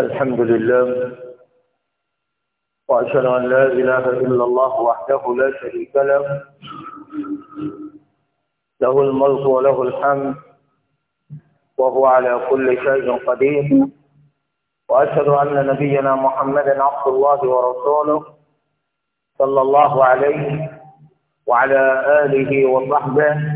الحمد لله وأشهد أن لا إله إلا الله وحده لا شريك له له الملك وله الحمد وهو على كل شيء قدير وأشهد أن نبينا محمدا عبد الله ورسوله صلى الله عليه وعلى آله وصحبه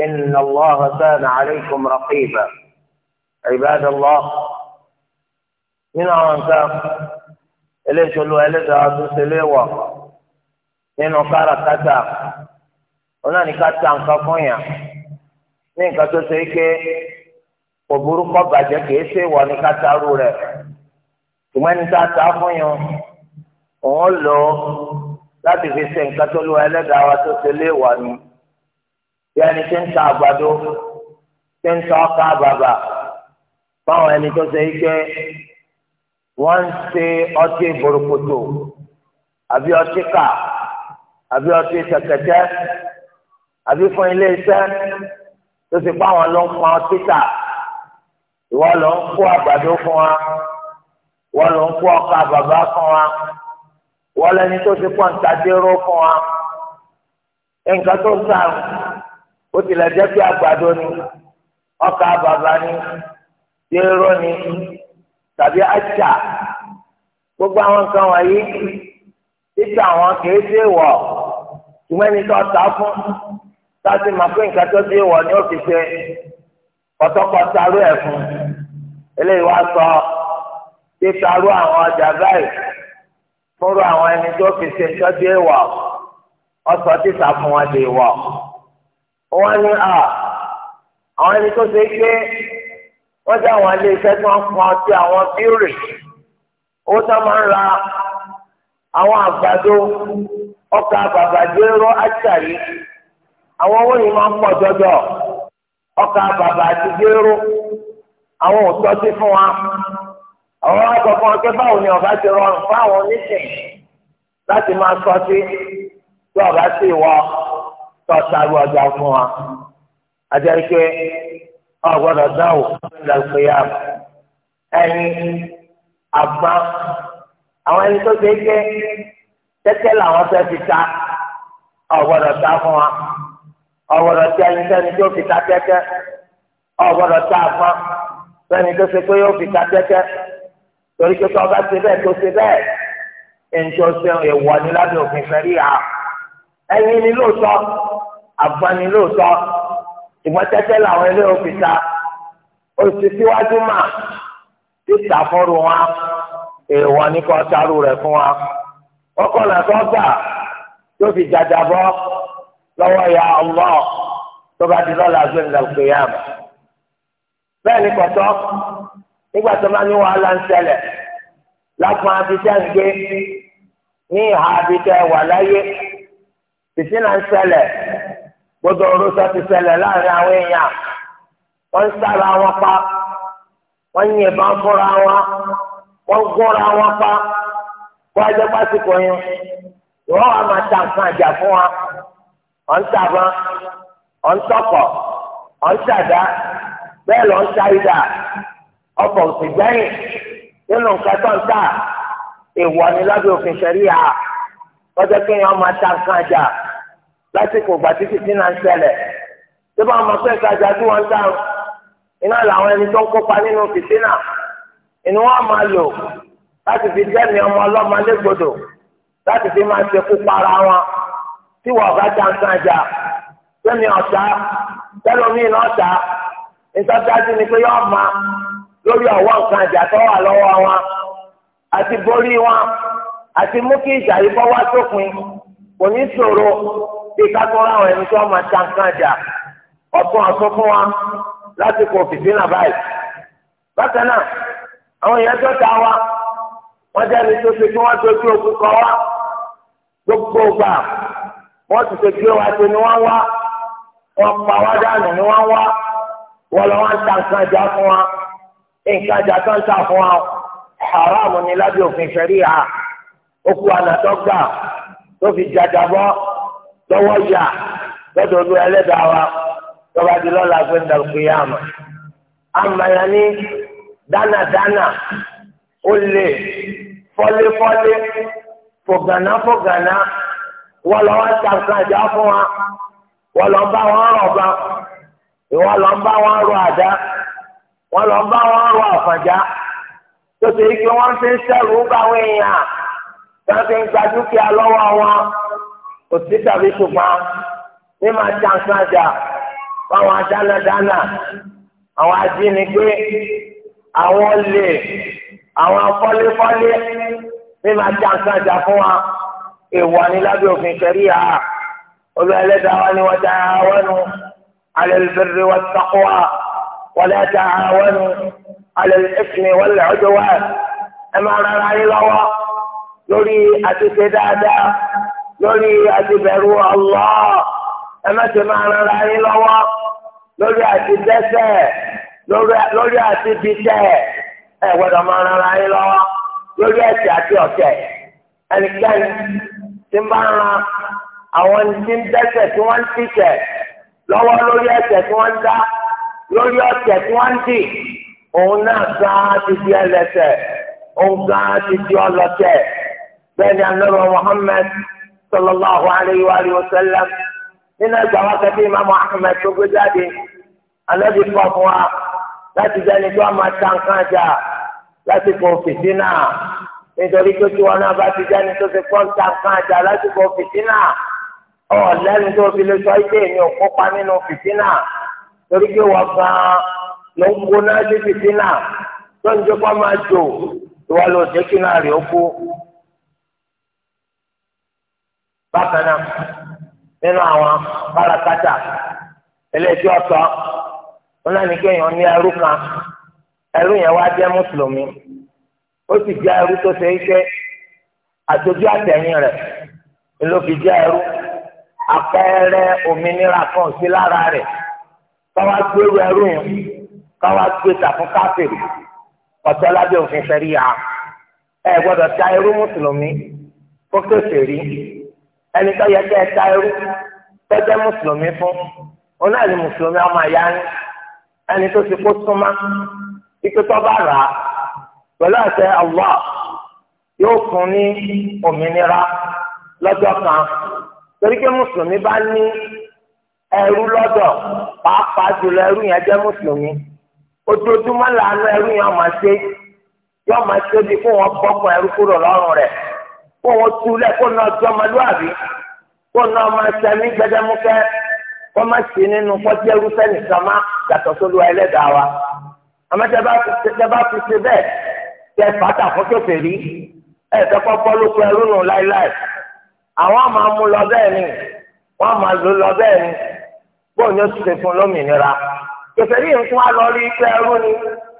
إن الله كان عليكم رقيبا عباد الله من أنفاق إليش الوالد أتسليوا nínú kárakáta onáni ká ta nǹkan fún yàn ní nǹkan tó ṣe ike kò burúkọ bàjẹ́ kìí ṣe wọ ní kátàrú rẹ̀ ṣùgbọ́n ẹni tá a ta fún yàn òun lò ó láti fi ṣe nǹkan tó lu ẹlẹ́dàá wa tó ṣe léèwọ̀ ni bí ẹni tí ń ta àgbàdo tí ń ta ọkà bàbà fáwọn ẹni tó ṣe ike wọ́n ń ṣe ọtí bòròkòtò àbí ọtí kà àbí ọtí tẹ̀kẹ̀tẹ̀ àbí fún ilé iṣẹ́ tó ti pa ló ń pa ọtí tà ìwọ ló ń kó àgbàdo fún wa wọ́n ló ń kó ọkà bàbà fún wa wọ́n lẹni tó ti pọ̀ ń ta dérò fún wa nǹkan tó ń ta ó tilẹ̀ jẹ́ pé àgbàdo ni ọkà bàbà ni jéró ni tàbí àṣà gbogbo àwọn nǹkan wọ̀nyí títà wọn kìí ṣe wọ̀ ṣùgbọ́n ẹni tó ta fún láti máa pé nǹkan tó ṣe wọ̀ ni ó fi ṣe pọ̀tọ́pọ̀tọ́ arú ẹ̀ fún eléyìí wá sọ títà arú àwọn ọjà báyìí fúnrú àwọn ẹni tó fi ṣe tó ṣe wọ̀ ọ̀sọ̀ títà fún wọn lè wọ̀. wọ́n ní à àwọn ẹni tó ṣe é pé wọ́n jẹ́ àwọn ilé iṣẹ́ tí wọ́n pọn ti àwọn bírè owó tó máa ń ra àwọn àgbàdo ọkà àwọn owó yìí jọjọ ọkà bàbà àti déró àwọn ò awọn fún wa àwọn akọ̀kọ̀ báwo ni ọba ti rọrùn fún àwọn oníṣẹ́ sọ sí ọba sì tọ́ta ló ọjà fún wa àti ẹ̀kẹ́ ọ̀gbọ́dọ̀ dáwò lọ́pẹ́yà ẹni àgbà àwọn ẹni tó ṣe é jẹ́ tẹ́tẹ́ làwọn fẹ́ fi ta ọ̀gbọ́dọ̀ ta fún wa ọ̀gbọ́dọ̀ tí ẹni sẹ́ni tó fi ta tẹ́tẹ́ ọ̀gbọ́dọ̀ ta fún wa sẹ́ni tó ṣe pé yóò fi ta tẹ́tẹ́ torí pé tọ́ba ṣe bẹ́ẹ̀ tó ṣe bẹ́ẹ̀ ẹni tó ṣe ìwọ ni lábẹ́ òfin fẹ́ rí ha ẹni ni lóòótọ́ àbánilóòótọ́ ìmọ̀tẹ́tẹ́ làwọn ilé òfìta oṣù síwájú mà títà fọ́rù wọn èèwọ̀ ní kò tarú rẹ̀ fún wa ọkọlẹ̀ tó gbà tó fi jàjàbọ́ lọ́wọ́ ya ọlọ́ tó bá di lọ́la gbé nígbà kéyàmù bẹ́ẹ̀ ni kọ̀tọ́ nígbà tó bá ní wàhálà ń ṣẹlẹ̀ lápọn abidjan gbé ní ìhà abidjan wà láyé tìsínà ń ṣẹlẹ̀ gbọdọ̀ ọ̀rọ̀sọ ti ṣẹlẹ̀ láàrin àwọn èèyàn wọ́n ń sára wọn pa wọ́n ń yìnbọn fúnra wọn wọ́n ń gúnra wọn pa wọ́n ajẹ́ pásítọ̀ yẹn ìwọ́n wà máa ta nǹkan àjà fún wa ọ̀ ń tàbọn ọ̀ ń tọkọ̀ ọ̀ ń tàdá bẹ́ẹ̀ lọ ń ta ìdá òsì gbẹ́yìn nínú nǹkan tó ń tà ìwọ ni lábẹ́ òfin ṣẹ̀ríà wọ́n jẹ́ kéèyàn máa ta nǹkan àjà lásìkò ìgbà tí títí náà ń ṣẹlẹ̀ tó bá wọn mọ̀ pé ìtajà tí wọ́n ń tà iná làwọn ẹni tó ń kópa nínú fìtínà inú wọn máa lò láti fi dẹ́mi ọmọ ọlọ́mọ légbodò láti fi máa ṣekú para wọn tí wọ́n bá ta nǹkan jà sẹ́mi ọ̀tá tẹ́lómìn náà ta ìtọ́jájú ni pé yọ́ọ́ ma lórí ọ̀wọ́ nǹkan jà tó wà lọ́wọ́ wọn àti borí wọn àti mú kí ìjà yìí bọ́ wá sópin kò ní ṣòro bí kákọ́rọ́ àwọn ẹni tó máa ta nǹkan jà ọ̀gbọ́n ọ̀sán fún wa lásìkò fìdínà báyìí. bákan náà àwọn èèyàn tó ta wa wọ́n jẹ́ ẹni tó ṣe kí wọ́n dojú ogun kọ wa gbogbo gbà wọ́n ti ṣe gbé wa ṣe ni wọ́n wá wọ́n pa wá dànù ni wọ́n wá wọ́n lọ wọ́n ta nǹkan jà fún wa nǹkan jà tó ń ta fún wa haram ni lábẹ́ òfin ṣẹ̀ríà ó kú ànàtọ́ gbà tó fi jàjà bọ́. tọwọ́ yà lọ́dọ̀ olú ẹlẹ́dàá wa tọ́ba di lọ́la fún ìdàgbéyàmà amayani dánadáná olè fọ́léfọ́lé fọ̀gànáfọ̀gàná wọ́n lọ wá sàǹkàjà fún wa wọ́n lọ bá wọn rọ̀bà wọ́n lọ bá wọn àdá wọ́n lọ bá wọn àfàjá tó wọ́n fi ń sẹ́rù bá fi ń lọ́wọ́ wọn. òtí tàbí ṣùgbọ́n ní máa ta nǹkan jà fáwọn adánadáná àwọn ajínigbé àwọn olè àwọn afọ́lẹ́fọ́lẹ́ ní máa ta nǹkan jà fún wa ìwà ni lábẹ́ òfin ṣẹ̀ríà olú ẹlẹ́dàá wa ni wọ́n ta àwọn nu alẹ́ lórí wọ́n wa wọ́n lẹ́ ta àwọn nu alẹ́ ẹ̀sìn wọ́n wa ẹ máa rárá yín lọ́wọ́ lórí àtúnṣe dáadáa. lórí àtibẹ̀rù ọlọ́ ẹ má ti máa ran ara yín lọ́wọ́ lórí àti dẹ́ṣẹ̀ lórí àti bíṣẹ̀ ẹ gbọ́dọ̀ máa ran ara yín lọ́wọ́ lórí ẹ̀ṣẹ̀ àti ọ̀tẹ̀ ẹnikẹ́ni tí ń bá ran àwọn tí ń dẹ́ṣẹ̀ tí wọ́n ń tìṣẹ̀ lọ́wọ́ lórí ẹ̀ṣẹ̀ tí wọ́n ń dá lórí ọ̀tẹ̀ tí wọ́n ń dì òun náà ti di ẹlẹ́ṣẹ̀ òun gan ti di ọlọ́tẹ̀ bẹ́ẹ̀ ni anọ́rọ̀ Muhammad. sallallahu alayhi wa alihi wa sallam nínú ẹgbẹ́ àwọn akẹ́kẹ́ ìmáàmù ahmed tó gbé jáde alẹ́bí pọ̀ fún wa láti jẹ́ni tó a máa ta nǹkan jà lásìkò fìtínà nítorí pé tí wọn náà bá ti jẹ́ni tó ti pọ́ ń ta nǹkan jà lásìkò fìtínà ọ̀ lẹ́nu tó fi lè sọ ike mi ò kópa nínú fìtínà torí pé wọ́n gan-an ló ń gbóná sí fìtínà tó ń jẹ́ kó máa jò ìwà lòdì kí náà rè ó kú bákan náà nínú àwọn bárakátà eléyìí ọ̀tọ̀ wọn náà ní kéèyàn ní ẹrú kan ẹrú yẹn wá jẹ́ mùsùlùmí ó sì jẹ́ ẹrú tó ṣe é ṣe àtòjú àtẹ̀yìn rẹ̀ ló fi jẹ́ ẹrú àpẹẹrẹ òmìnira kan sí lára rẹ̀ káwá gbérú ẹrú yẹn káwá gbé tàfún káfíìrì ọ̀tọ̀ lábẹ́ òfin ṣẹ̀ríà ẹ gbọ́dọ̀ ta ẹrú mùsùlùmí kó kéṣe rí ẹni tó yẹ kẹ́ ẹ ta ẹrú tó jẹ́ mùsùlùmí fún òun náà ni mùsùlùmí ọmọ àyà ń ẹni tó ti kó súnmá ikú tó bá rà á pẹ̀lú àṣẹ Allah yóò fún ní òmìnira lọ́jọ́ kan torí pé mùsùlùmí bá ní ẹrú lọ́dọ̀ pàápàá jùlọ ẹrú yẹn jẹ́ mùsùlùmí ojoojúmọ́ làánú ẹrú yẹn ọmọ ṣe yọ ọmọ ṣe bí kó wọn bọ́kùn ẹrú kúrò lọ́rùn rẹ̀ kó wọn tu lẹ kó náà tó ọmọlúwàbí kó náà máa ṣe ní gbẹdẹmúkẹ kó má ṣe nínú kọjá irúfẹ́ nìkan má yàtọ̀ sólú ẹlẹ́dàá wa àmọ́ tẹ bá fi ṣe bẹ́ẹ̀ tẹ fàtà fún kèfèrí ẹ tẹ kọ́kọ́ ló pe ẹrú nù láéláé àwọn máa mú lọ bẹ́ẹ̀ ni wọ́n máa lò lọ bẹ́ẹ̀ ni bóun ni ó ti lómìnira kèfèrí nǹkan á rí pé ẹrú ni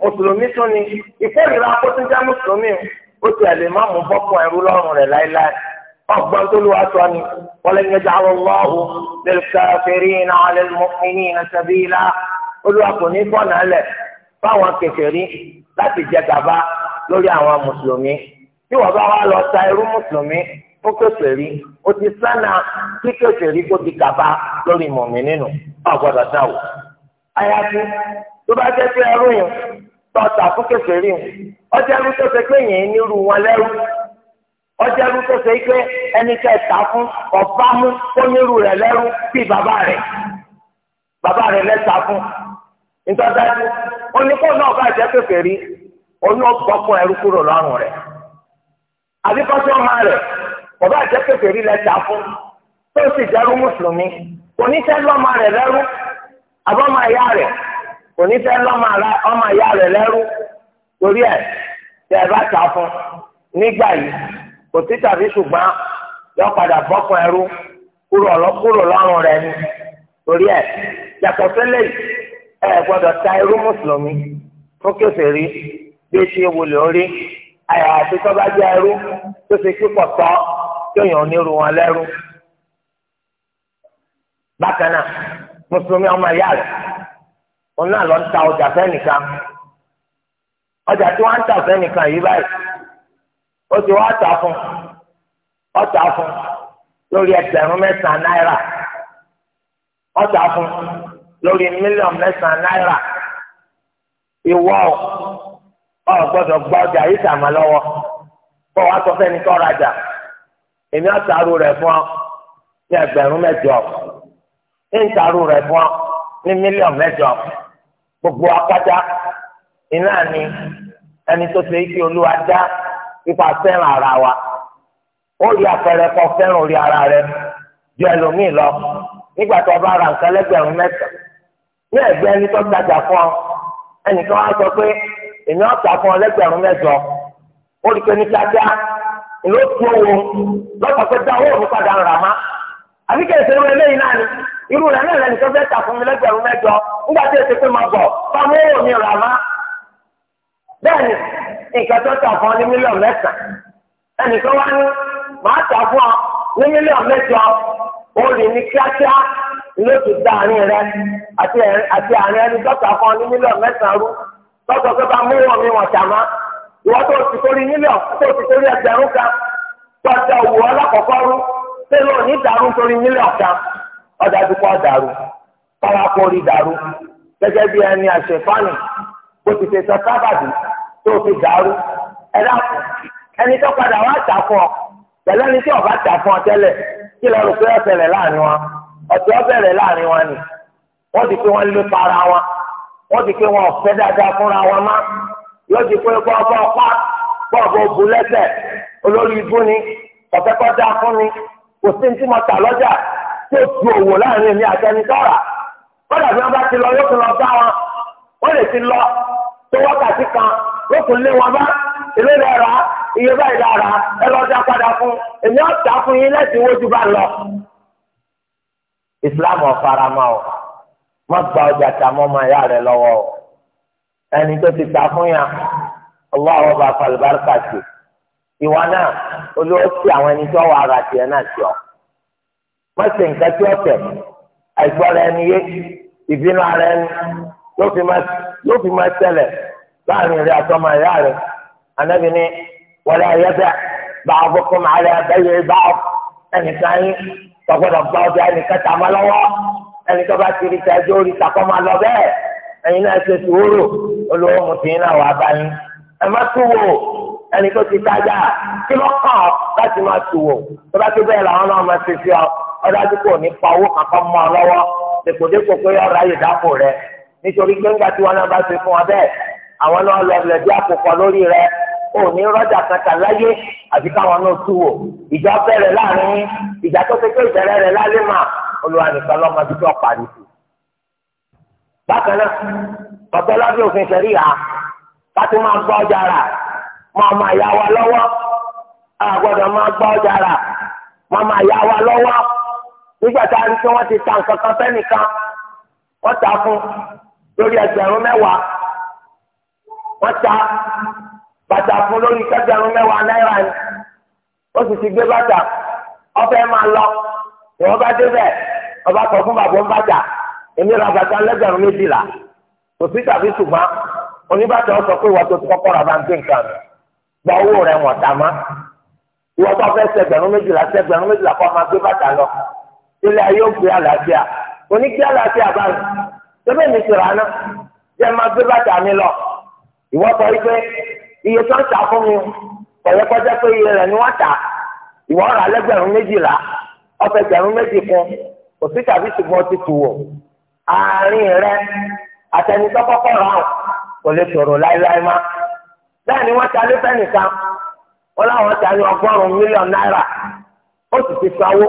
mùsùlùmí tún ni ìkórìíra kó tún jẹ́ mùsùlùmí o ó ti àlè má mú bọ́pọ̀ ẹrú lọ́rùn rẹ̀ láéláé ọgbọ́n tó ló wá sọ ni wọ́n lè ń yẹjọ́ àwọn ọlọ́hùn lil kafirina alal mu'minina sabila olúwa kò ní fọ́nà lẹ̀ fáwọn kèfèrí láti jẹ gàba lórí àwọn mùsùlùmí tí wọ́n bá wá lọ ta irú mùsùlùmí ó kèfèrí ó ti sánà tí kèfèrí kó ti gàba lórí mùmí nínú ọ̀gbọ́dọ̀ dáwò. àyàfi tó bá jẹ́ pé ẹrú yìí tọ́ta fún kẹfẹ́rí wọn ọjà ẹrú tó ṣe pé yẹn wọn lẹ́rú ọjà ẹrú tó ṣe pé ẹni kẹta fún mú rẹ̀ lẹ́rú bí bàbá rẹ̀ bàbá rẹ̀ lẹ́ta fún ntọ́jáde oníkó náà bá jẹ́ ẹrú kúrò lọ́rùn rẹ̀ àbíkọ́sí ọmọ rẹ̀ jẹ́ lẹ́ta fún tó sì dẹrú mùsùlùmí oníṣẹ́ lọ́mọ rẹ̀ lẹ́rú kò ní fẹ́ lọ́mọ ọmọ ìyá rẹ̀ lẹ́rú torí ẹ̀ tẹ́ ẹ bá ta fún nígbà yìí kò sí tàbí ṣùgbọ́n yọ padà bọ́kùn ẹrú kúrò kúrò lọ́rùn rẹ̀ ni torí ẹ̀ yàtọ̀ sílẹ̀ ẹ gbọ́dọ̀ ta irú mùsùlùmí fún kèfèrí bí ó ṣe wọlé orí àyà àti tọ́ba jẹ́ ẹrú tó ṣe kíkọ̀ tọ́ kéèyàn onírú wọn lẹ́rú. bákan náà mùsùlùmí ọmọ ìyá rẹ̀ òun náà lọ ń ta ọjà fẹ́nìkan ọjà tí wọ́n ń ta fẹ́nìkan yìí báyìí ó ti wá ta fún ọta fún lórí ẹgbẹ̀rún mẹ́sàn-án náírà ọta fún lórí mílíọ̀nù mẹ́sàn-án náírà ìwọ ọ gbọdọ gba ọjà yìí sàmà lọwọ kó wàá sọ fẹ́ni tó rajà èmi ọ̀tàrú rẹ fún ọ ní ẹgbẹ̀rún mẹ́jọ ń tàrú rẹ̀ fún ọ ní mílíọ̀nù mẹ́jọ. gbogbo apáta iná ni ẹni tó ṣe ike olúwa dá ipa fẹ́ràn ara wa ó rí àpẹẹrẹ kọ fẹ́ràn orí ara rẹ ju ẹlòmíì lọ nígbà tó o bá ra nǹkan lẹ́gbẹ̀rún mẹ́ta ní ẹ̀gbẹ́ ẹni tó gbàjà fún ọ ẹnìkan á sọ pé èmi ọ̀tà fún ọ lẹ́gbẹ̀rún mẹ́jọ ó rí pé ní kíákíá ìlú ó tún owó lọ́pàá pé dáwọ́ òun padà ń rà má àbíkẹ́ ìṣerú eléyìí náà ni. irú rẹ̀ náà lẹ́nu tó fẹ́ tà fún mi lẹ́gbẹ̀rún mẹ́jọ nígbà tí èsì pé bọ̀ fáwọn owó mi rà má. bẹ́ẹ̀ni nǹkan tó tà fún ọ ní mílíọ̀nù mẹ́sàn ẹnì kan wá ní màá tà fún ọ ní mílíọ̀nù mẹ́jọ ó ní kíákíá ló ti rẹ àti àárín ẹni dọ́tà fún ọ ní mílíọ̀nù rú lọ́sọ̀ pé bá mú mi wọ̀n tà ọ̀dà dúpọ̀ dàrú pàápọ̀ rí dàrú gẹ́gẹ́ bí ẹni àṣẹfánì bó ti ṣe sọ sábàdì tó fi dàrú ẹ̀dá ẹni tó padà wá tà fún ọ pẹ̀lú ẹni tí ọba tà fún ọ tẹ́lẹ̀ kí lọ́ọ́ rò pé ọ̀sẹ̀lẹ̀ láàrin wọn ọ̀tẹ̀ ọ̀bẹ̀rẹ̀ láàrin wọn ni wọ́n ti pé wọ́n lé para wọn wọ́n ti pé wọn ọ̀fẹ́ dáadáa fúnra wọn má yóò ti pé bọ́ọ̀bọ́ pa bọ́ọ̀bọ́ bu lẹ́sẹ̀ olórí ibú ni ọ̀fẹ́ kọ́ dá fún ni kò sí ní tí mo tà lọ́jà tó tu òwò láàrin èmi àtẹnitọ́ra kọ́dà bí wọ́n bá ti lọ yóò tún lọ bá wọn wọ́n lè ti lọ tó wákàtí kan yóò tún lé wọn bá ìlú rẹ̀ iye báyìí lára ẹ lọ dá padà fún èmi ọ̀tá fún yín lẹ́sìn wojú bá lọ. Islam ọ̀farama o má gba ọjà tà mọ́ ọmọ ìyá rẹ lọ́wọ́ o ẹni tó ti ta fún yàn ọlọ́wọ́ bá falùbáríkà sí ìwọ náà olówó àwọn ẹni tó wà ara tiẹ̀ náà sí ọ má ṣe nǹkan tí ọ̀tẹ̀ àìgbọ́ra ẹni yé ìbínú ara ẹni yóò fi máa ṣẹlẹ̀ láàrin rẹ̀ àtọmọ ìyá rẹ̀ anábì ní wọlé ayẹsẹ báwo bó kọ́ máa rẹ abẹ́yẹ báwo ẹnìkan yín tọgbọ́dọ̀ gbọ́ ọdún ẹnìkan tà má lọ́wọ́ ẹnìkan bá ti rí tẹ́jọ́ orí takọ́ máa lọ bẹ́ẹ̀ ẹ̀yin náà ṣe sùúrù olówó mùtìyín náà wà bá yín ẹ má tún wò ẹnì ti tájà kí ló kàn láti má tún wò tó bá tó bẹ́ẹ̀ làwọn náà má ṣe sí ọ ọdájú kò ní pa owó kankan mọ́ ọ lọ́wọ́ dèkòdèkò pé ọ̀rọ̀ ayé dáko rẹ nítorí pé ńgbà tí wọn náà bá ṣe fún ọ bẹ́ẹ̀ àwọn náà lọ ilẹ̀ bí àkókò lórí rẹ ò ní rọ́jà kankan láyé àti káwọn náà tú wò ìjà bẹ̀rẹ̀ láàrin ìjà tó ṣe pé ìbẹ̀rẹ̀ rẹ lálẹ́ mà olùwà nìkan lọ́mọ títí ọ̀pá ni. bákan náà ọ̀tọ́ lábẹ́ òfin ṣẹ̀rí à ká tó máa gbọ́ ọjà rà máa máa yá wa lọ́wọ́ àgbọ̀dọ̀ máa gbọ́ ọjà rà máa máa yá wa lọ́wọ́ nígbà tá a rí pé wọ́n ti ta nǹkan kan fẹ́nìkan wọ́n ta fún lórí ẹgbẹ̀rún mẹ́wàá wọ́n ta bàtà fún lórí ẹgbẹ̀rún mẹ́wàá náírà ni ó sì ti gbé bàtà ọ̀fẹ́ máa lọ ìwọ́n bá débẹ̀ ọba kọ fún bàbá ń bàtà èmi ra bàtà lẹ́gbẹ̀rún méjìlá kò sí tàbí ṣùgbọ́n oníbàtà ọ sọ pé ìwà tó ti kọ́kọ́ ra bá ń gbé nǹkan mi gba owó rẹ̀ wọ̀n tà má ìwọ́n bá fẹ́ sẹ́gbẹ̀rún méjìlá sẹ́gbẹ̀rún méjìlá kọ́ máa gbé bàtà lọ ilé ayé ó gbé àlàáfíà oníkí àlàáfíà bá mi tẹ́lẹ̀ mi sọ̀rọ̀ àná jẹ́ máa gbé bàtà mi lọ ìwọ sọ wípé iye tó ń tà fún mi kọ̀yẹ́ kọjá pé iye rẹ̀ ni wọ́n tà ìwọ rà lẹ́gbẹ̀rún méjìlá ọ̀fẹ́ gbẹ̀rún méjì fún kò sí tàbí ṣùgbọ́n ti tù wọ̀ àárín rẹ àtẹnitọ́ kọ́kọ́ rà ọ̀ kò lè sọ̀rọ̀ láéláé má bẹ́ẹ̀ ni wọ́n ta lé fẹ́nìkan wọ́n láwọn ta ní ọgọ́rùn-ún mílíọ̀nù náírà ó sì ti sanwó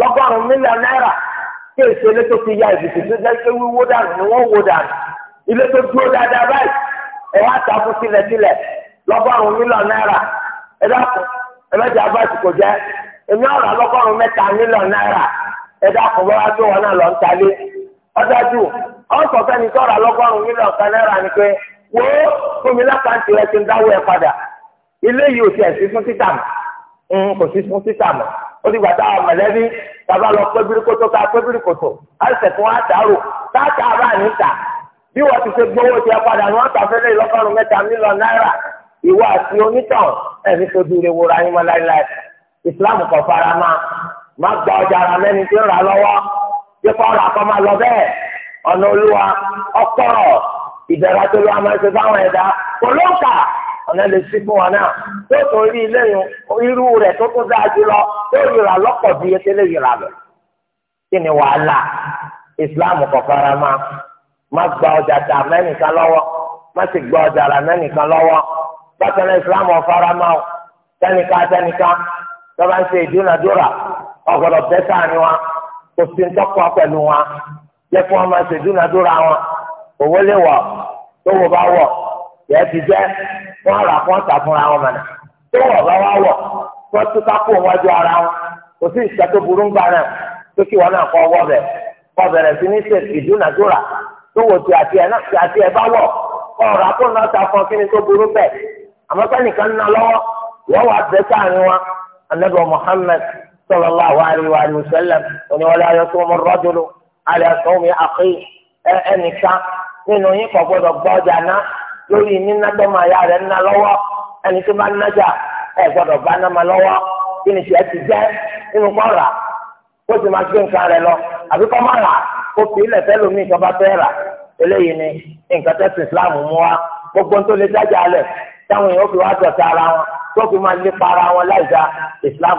lọ́gọ́rùn-ún mílíọ̀nù náírà kí èsì ilé tó ya ìbùkún tó jẹ́ dànù ni wọ́n wó dànù ilé tó dúró dáadáa báyìí ẹ̀wọ́n àtàkùn tilẹ̀tilẹ̀ lọ́gọ́rùn-ún mílíọ̀nù náírà ẹ dákun ẹ mẹ́jọ kò jẹ́ èmi ọ̀rọ̀ lọ́gọ́rùn-ún mẹ́ta náírà ẹ dákun tó wọn náà lọ ń talé wo ó ti gbà tá àwọn mọ̀lẹ́bí bàbá lọ pé bíríkótó ká pé bíríkótó á sẹ̀ fún àtàrò táàtà bá níta bí wọ́n ti ṣe gbowó ti apàdà ni wọ́n tàfẹ́lẹ́ ìlọ́kọ̀rún mẹ́ta mílíọ̀n náírà ìwọ àti onítàn ẹ̀mí tó dúró wòrà yín mọ́ láíláí ìsìláàmù kò fara máa má gba ọjà ara mẹ́ni tí ń rà lọ́wọ́ bí kọ́ra kọ́ máa lọ bẹ́ẹ̀ ọ̀nà olúwa ọ̀pọ̀rọ̀ ìdẹ̀ra tó lọ́wọ́ máa ń ṣe fáwọn ẹ̀dá kò lóǹkà ọ̀nà lè sí fún wọn náà yóò tó rí lẹ́yìn irú rẹ̀ tó tó dáa jùlọ yóò yìrà lọ́pọ̀ bí yẹn tẹ́lẹ̀ yìrà lọ. kí ni wàhálà ìsìláàmù kò fara ma má gba ọjà tà mẹ́nìkan lọ́wọ́ má sì gba ọjà rà mẹ́nìkan lọ́wọ́ bákan náà ìsìláàmù ò fara ma tẹnìkan tẹnìkan tó bá ń ṣe ìdúnadúrà ọ̀gọ̀dọ̀ bẹ́tà ni wọn kò sí ń tọ́kọ pẹ̀lú wọn jẹ́ kí wọ́n máa ṣe ìdúnadúrà wọn òwò lè wọ̀ tó wò bá wọ̀ yẹ ti jẹ́ wọ́n rà fún ọ̀tà fúnra wọn mọ̀nà tó wọ̀ bá wá wọ̀ wọ́n tún kápò wájú ara wọn kò sí ìṣẹ́ tó burú ń gbà náà tó kí wọn náà kọ́ wọ́ bẹ̀ kọ́ bẹ̀rẹ̀ sí ní ṣe ìdúnàdúrà tó wò tí àti ẹ̀ náà tí àti ẹ̀ bá wọ̀ kọ́ rà fún ọ̀tà fún kí ni tó burú bẹ̀ àmọ́ sẹ́nìkan ná lọ́wọ́ wọ́n wà bẹ́ sáàrin wọn anabi Muhammad sallallahu alayhi wa sallam òní wọlé ayọ́sọ́mọ rọ́dúnrún alẹ́ sọ́mi ẹnìkan nínú yín kọ́ gbọ́dọ̀ gbọ́dọ̀ náà lórí níná tọmọ àyà rẹ̀ ńná lọ́wọ́ ẹni tó bá nájà ẹ gbọ́dọ̀ bá ná ma lọ́wọ́ kí ni tiẹ̀ ti jẹ́ nínú kọ́ kó gbé nǹkan rẹ̀ lọ àbí kọ́ ma rà kó fi ilẹ̀ fẹ́ lómi rà eléyìí ni nǹkan Islam mú wa gbogbo tó lè dájà lẹ̀ táwọn fi wá wọn tó fi wọn láì Islam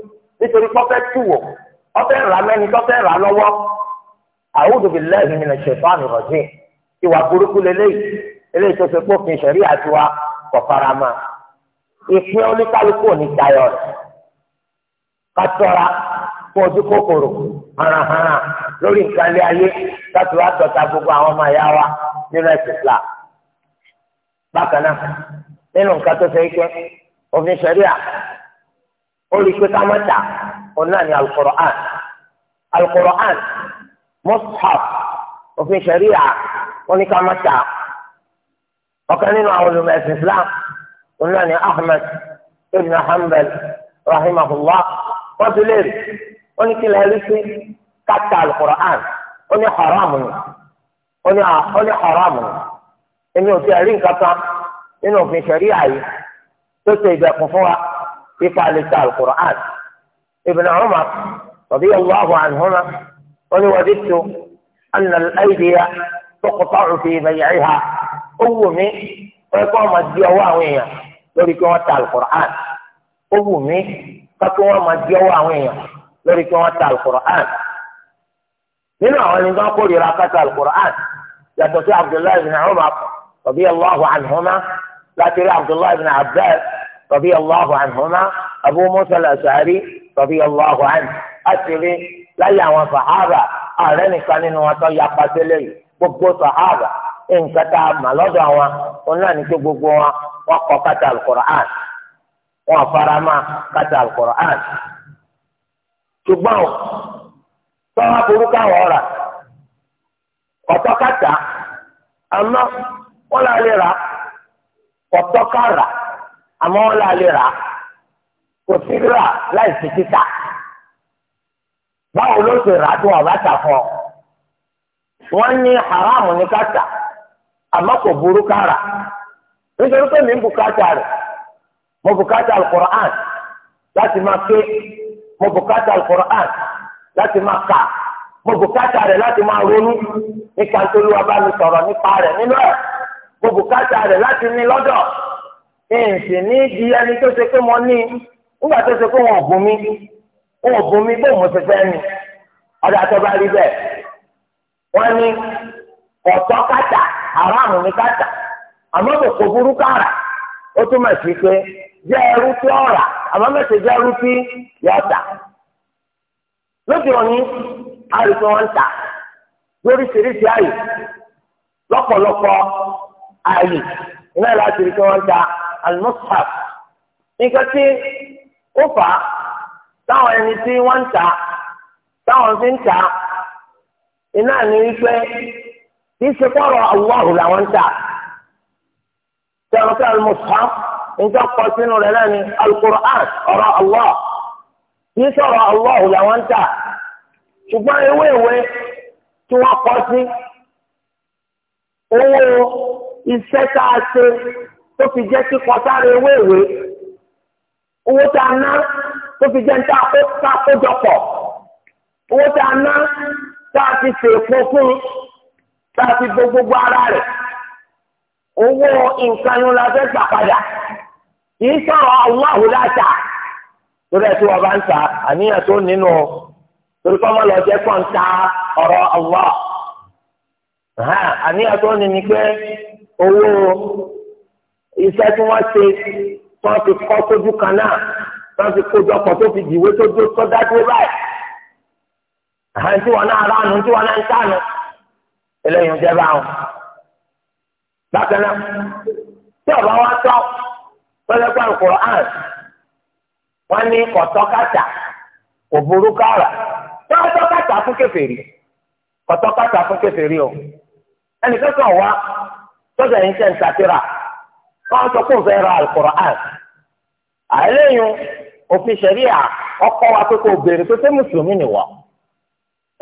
nítorí kọ́fẹ́ tù wọ̀ ọfẹ́ rà mẹ́ni kọ́fẹ́ rà lọ́wọ́ a'udhu billahi minash shaitani rajim ìwà burúkú lélẹ́yìí eléyìí tó ṣe pófin ṣẹ̀rí àtiwá kọ̀ farama ìpín oníkálukú ò ní dayọ̀ rẹ̀ kátọ́ra fún ojú kòkòrò harahara lórí nǹkan ilé ayé láti wá dọ̀tá gbogbo àwọn ọmọ ẹ̀yà wa nínú ẹ̀sìn Islam bákan náà nínú nǹkan tó ṣe é ó rí i pé ká má tà òun náà ní alukoran alukoran mushaf òfin ṣẹ̀ríà ó ní ká má tà ọ̀kan nínú àwọn olùmọ̀ ẹ̀sìn islam òun náà ní ahmed ibn hanbal rahimahullah wọ́n ti léèrè ó ní kí lè haram ni ó haram ni èmi ò tí nínú òfin ṣẹ̀ríà yìí tó ṣe ìdẹ̀kùn fún wa. كيف علمت القرآن ابن عمر رضي الله عنهما قال وجدت أن الأيدي تقطع في بيعها أمي فقام الجواوية لكي القرآن أمي تقوم الجواوية لكي القرآن من أول ما قولي راكت القرآن لتسي عبد الله بن عمر رضي الله عنهما لتسي عبد الله بن عباس radiyallahu anhuma Abu Musa al-Ash'ari radiyallahu anhu àtìrí láyé àwọn sàhábà ààrẹ nìkan nínú wọn tó ya pàṣẹlẹ yìí gbogbo sàhábà nǹkan tá a mà lọ́dọ̀ àwọn wọn náà ní pé gbogbo wọn wọn kọ kátà al-Qur'an wọn fara mọ́ kátà al-Qur'an ṣùgbọ́n tọ́wọ́ burúkú àwọn ọ̀rà ọ̀tọ́kátà àmọ́ wọn lálẹ́ rà ọ̀tọ́kárà. àmọ́ wọn là lè rà kò sí rà láì sí títà báwo ló ṣe rà tí wọn tà fún ọ wọn ní haramu ní ká àmọ́ kò burú ká nítorí pé mi ń bùkátà rẹ mo alukur'an láti máa ké mo alukur'an láti máa èsì ní di ẹni tó ṣe pé mo ní nígbà tó ṣe pé wọn ò mí wọn ò mí bó mo ṣe fẹ́ ni rí bẹ́ẹ̀ wọ́n ní ọ̀tọ́ kàtà ní kàtà àmọ́ kò kò burú kàrà ó sí pé jẹ́ ẹrú tí ó rà àmọ́ mẹ́sẹ̀ jẹ́ ẹrú tí yọ òní àrùtí wọn ta. al-mushaf nǹkan tí ó fà á táwọn ẹni tí wọ́n ń tà táwọn fi ń tà iná ní wípé kì í ṣe kọ́rọ̀ Allahu làwọn ń tà tẹ̀wọ́n kí al-mushaf nǹkan pọ̀ sínú rẹ̀ náà ni ọ̀rọ̀ Allah kì í sọ̀rọ̀ Allahu làwọn ń tà ṣùgbọ́n ewé ìwé tí wọ́n kọ́ sí owó iṣẹ́ tá a ṣe tó fi jẹ́ kíkọ sáré ewé ìwé owó tá a ná tó fi jẹ́ tá a kójọpọ̀ owó tá a ná tá a ti ṣèpò fún tá a ti bo gbogbo ara rẹ̀ owó nǹkan yóò la fẹ́ gbà padà kì sọ̀rọ̀ àwọn àwòrán lórí ẹ̀ tí wọ́n bá ń ta àníyàn tó nínú torí kọ́ mọ́ lọ jẹ́ kọ́ ń ta ọ̀rọ̀ Allah àníyàn tó ní ni pé owó iṣẹ́ tí wọ́n ṣe tí wọ́n kọ́ sójú kan náà tí wọ́n kójọ pọ̀ tó fi dìwé tó dó tó dájú báyìí àwọn tí wọ́n náà ránu tí wọ́n náà ń tánu eléyìí ń jẹ́ báwọn. bákan náà tí ọba wa tọ́ pẹ́lẹ́pẹ́ nkùrọ̀ àn wọ́n ní kò burú kára fún fún o ẹnì kẹ́kọ̀ọ́ wa tọ́jà yín tẹ̀ wọn sọ pé òun fẹ́ ra alukoran àìlẹ́yìn òfin ṣẹ̀ríà ọkọ wa pé kò béèrè pé ṣé mùsùlùmí ni wọ́n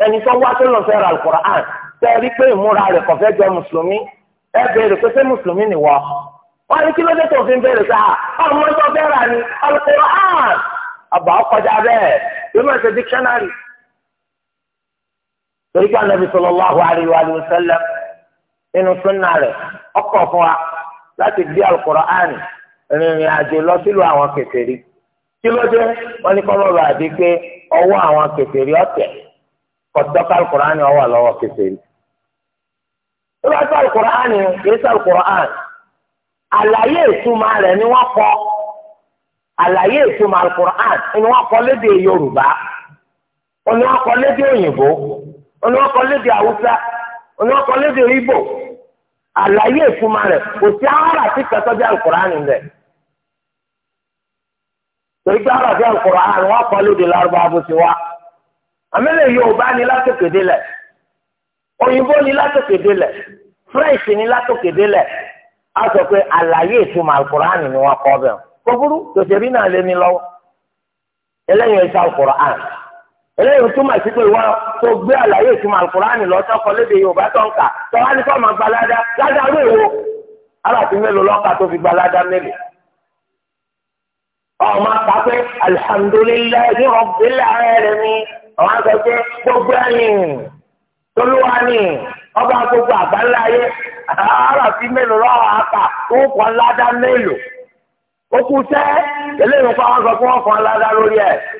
ẹni tó wá tó lọ fẹ́ ra alukoran tẹ́ ẹ rí pé ìmúra rẹ̀ kò fẹ́ jọ mùsùlùmí ẹ béèrè pé ṣé mùsùlùmí ni wọ́n wọ́n ní kí ló dé tó béèrè sáà ọmọ tó fẹ́ ra ni alukoran àbá ọkọjá bẹ́ẹ̀ yóò máa torí pé anabi sallallahu alaihi wa sallam nínú sunna rẹ̀ ọkọ̀ fún wa láti gbé Al-Kùránì rìnrìn àjò lọ sílùú àwọn kèfèrí kí ló dé wọ́n ní kọ́mọ́ bàá di pé ọwọ́ àwọn kèfèrí ọ̀tẹ̀ kọ̀tọ́kọ̀ Al-Kùránì ọwọ́ lọ́wọ́ kèfèrí. tó bá sọ Al-Kùránì kì í sọ Al-Kùránì àlàyé ìtumọ̀ rẹ̀ ni wọ́n kọ́ àlàyé ìtumọ̀ Al-Kùránì ni wọ́n kọ́ lédè Yorùbá ni wọ́n kọ́ lédè òyìnbó ni wọ́n kọ́ lédè Haúsá ni wọ́n kọ́ lédè Ìgbò àlàyé ìfúnma rẹ̀ kò sí ara tí kẹsọ́jà alukur'an bẹ̀. torí pé ara tí alukur'an wọ́n kọ́ lóde lárúbá bó ti wá. àmẹ́lẹ̀ yorùbá ni látòkè délẹ̀ òyìnbó ni látòkè délẹ̀ french ni látòkè délẹ̀ a sọ pé àlàyé ìfúnma alukur'an ni wọ́n kọ́ bẹ̀. kò burú tòṣèlú náà lé ní lọ́wọ́ ẹlẹ́yin ẹ̀ṣá alukur'an. eléyìí túmọ̀ sí pé ìwọ tó gbé àlàyé ìtumọ̀ alukurani lọ sọ́kọ lédè yorùbá tó ń kà tọ́wá ní fọ́ọ̀mù gbalada ládàá ló wo mélòó tó fi gbalada mélòó. ọmọ àpapẹ́ alihamudulilayi rabbil gbogbo tolúwa ni ọba gbogbo mélòó lọ́wọ́ àkà tó kọ́ mélòó. okùn eléyìí sọ fún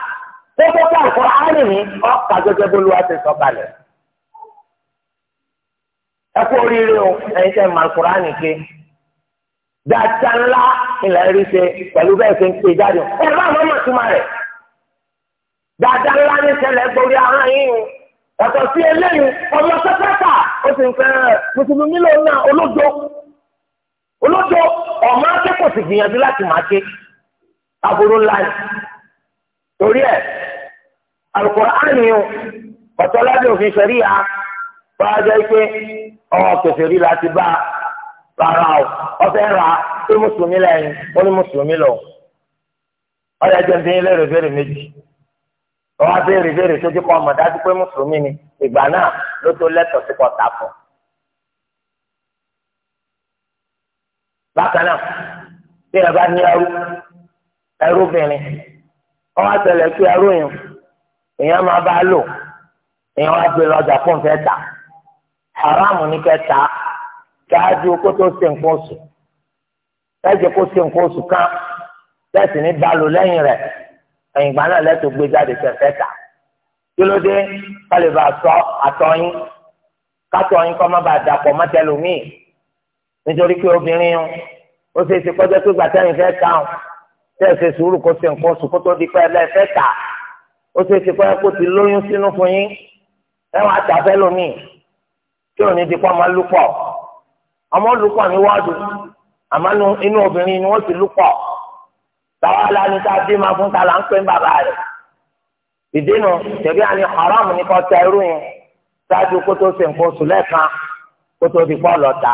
kókó ká àkùránì ní ọkà gẹ́gẹ́ bó lu àti sọ̀kalẹ̀. ẹ kú oríire o ẹ̀yin tẹ́ ma àkùránì ké dáadáa ńlá ilẹ̀ rí ṣe pẹ̀lú bẹ́ẹ̀ ṣe ń pè jáde ẹ bá àwọn ọmọ túmọ̀ rẹ̀ dáadáa ńlá ní ṣẹlẹ̀ gbórí ahọ́n yín ọ̀tọ̀ sí eléyìí ọmọ sẹ́fẹ́fà ó sì ń fẹ́ mùsùlùmí lòun náà olódo olódo ọmọ akẹ́kọ̀ọ́ sì gbìyànjú láti máa ké aburú ńlá ni torí ẹ̀ alukur'ani o ọtọládé òfin sẹríya fọlájọ ike ọwọ kẹfẹrí láti bá rárá o ọfẹ rà pé mùsùlùmí lẹ́yìn ó ní mùsùlùmí lọ ọyọ ẹjẹ ń dín lẹrẹ fẹrẹ méjì ọwọ abéèrè béèrè sójú kọ ọmọ dájú pé mùsùlùmí ni ìgbà náà ló tó lẹ́tọ̀ọ́ sí kọta fún. bákan náà bí ẹ bá ní ẹrú ẹrúbìnrin ọwọ àtẹlẹ sí ẹrú yẹn èèyàn máa bá lò èèyàn wá gbé lọ́jà fún fẹ́ tà haramu ní kẹ́ tà ṣáájú kó tó ṣe nǹkan oṣù lẹ́jẹ̀ kó ṣe nǹkan oṣù kan lẹ́sì ní balò lẹ́yìn rẹ̀ ẹ̀yìn ìgbà náà lẹ́tọ̀ gbé jáde fẹ́fẹ́ tà kí ló dé kálíbà sọ àtọyín kátọyín kọ́ má bàa dàpọ̀ mọ́tẹ́lómìn nítorí pé obìnrin ó ṣe é ṣe kọjá tó gbà fẹ́ tà ó tẹ́ sùúrù kó ṣe nǹkan oṣù kó tó di pẹ́ lẹ́ẹ̀fẹ́ tà á ó ṣe é ṣe kọ́yá kó ti lóyún sínú fún yín ẹ̀wọ̀n àtàfẹ́ lómi tí ò ní ti pọ́ ọmọ lúpọ̀ ọmọ lúpọ̀ ní wọ́ọ̀dù àmọ́ inú obìnrin ni wọ́n ti lúpọ̀ táwa la ní ká bí máa fún ta là ń pè bàbá rẹ̀ ìdènà tẹ̀bí àní haram ní kò tẹ irú yẹn ṣáájú kó tó ṣe nǹkan oṣù lẹ́ẹ̀kan kó tó di pọ́ lọ́ta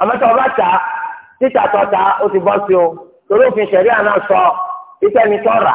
àmọ́tọ́ ọba ta títà tọ́ta ó ti bọ́ sí o torí òfin ṣẹ̀rí àná sọ ìtẹ́ni tọ́ra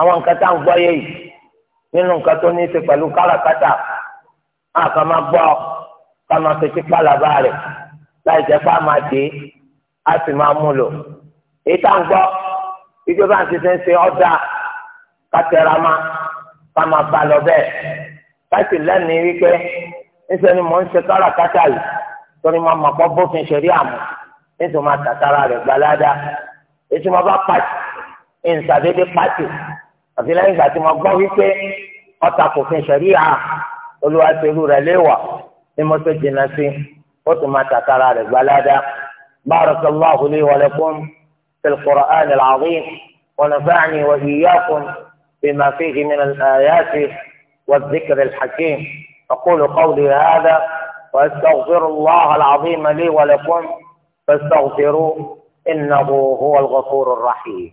àwọn nǹkan tá à ń gbọ́ yé yìí nínú nǹkan tó ní í ṣe pẹ̀lú káràkátà á kà máa gbọ́ ká máa fetí pàlàbà rẹ̀ láì jẹ́ pé a máa dé a sì máa mú lò èyí tá à ń gbọ́ ìjọba àti ṣẹṣẹ ọ̀dà ká tẹra ma ká máa bá lọ bẹ́ẹ̀ ká sì wípé níṣẹ́ ni mò ń ṣe káràkátà yìí torí máa mọ̀ pọ́ bófin ṣẹ̀rí àmọ́ nítorí máa tàtàrà rẹ̀ gbalada ètò máa bá pàtì ìǹsàdédé pàtì. àti lẹ́yìn ìgbà tí mo gbọ́ wípé ọta kò fi ṣẹ̀ríà olúwa ti irú rẹ̀ léwà ni mo tó jìnnà sí ó tún máa tàkàrà rẹ̀ gbalada بارك الله لي ولكم في القرآن العظيم ونفعني وإياكم بما فيه من الآيات والذكر الحكيم أقول قولي هذا وأستغفر الله العظيم لي ولكم فاستغفروه إنه هو الغفور الرحيم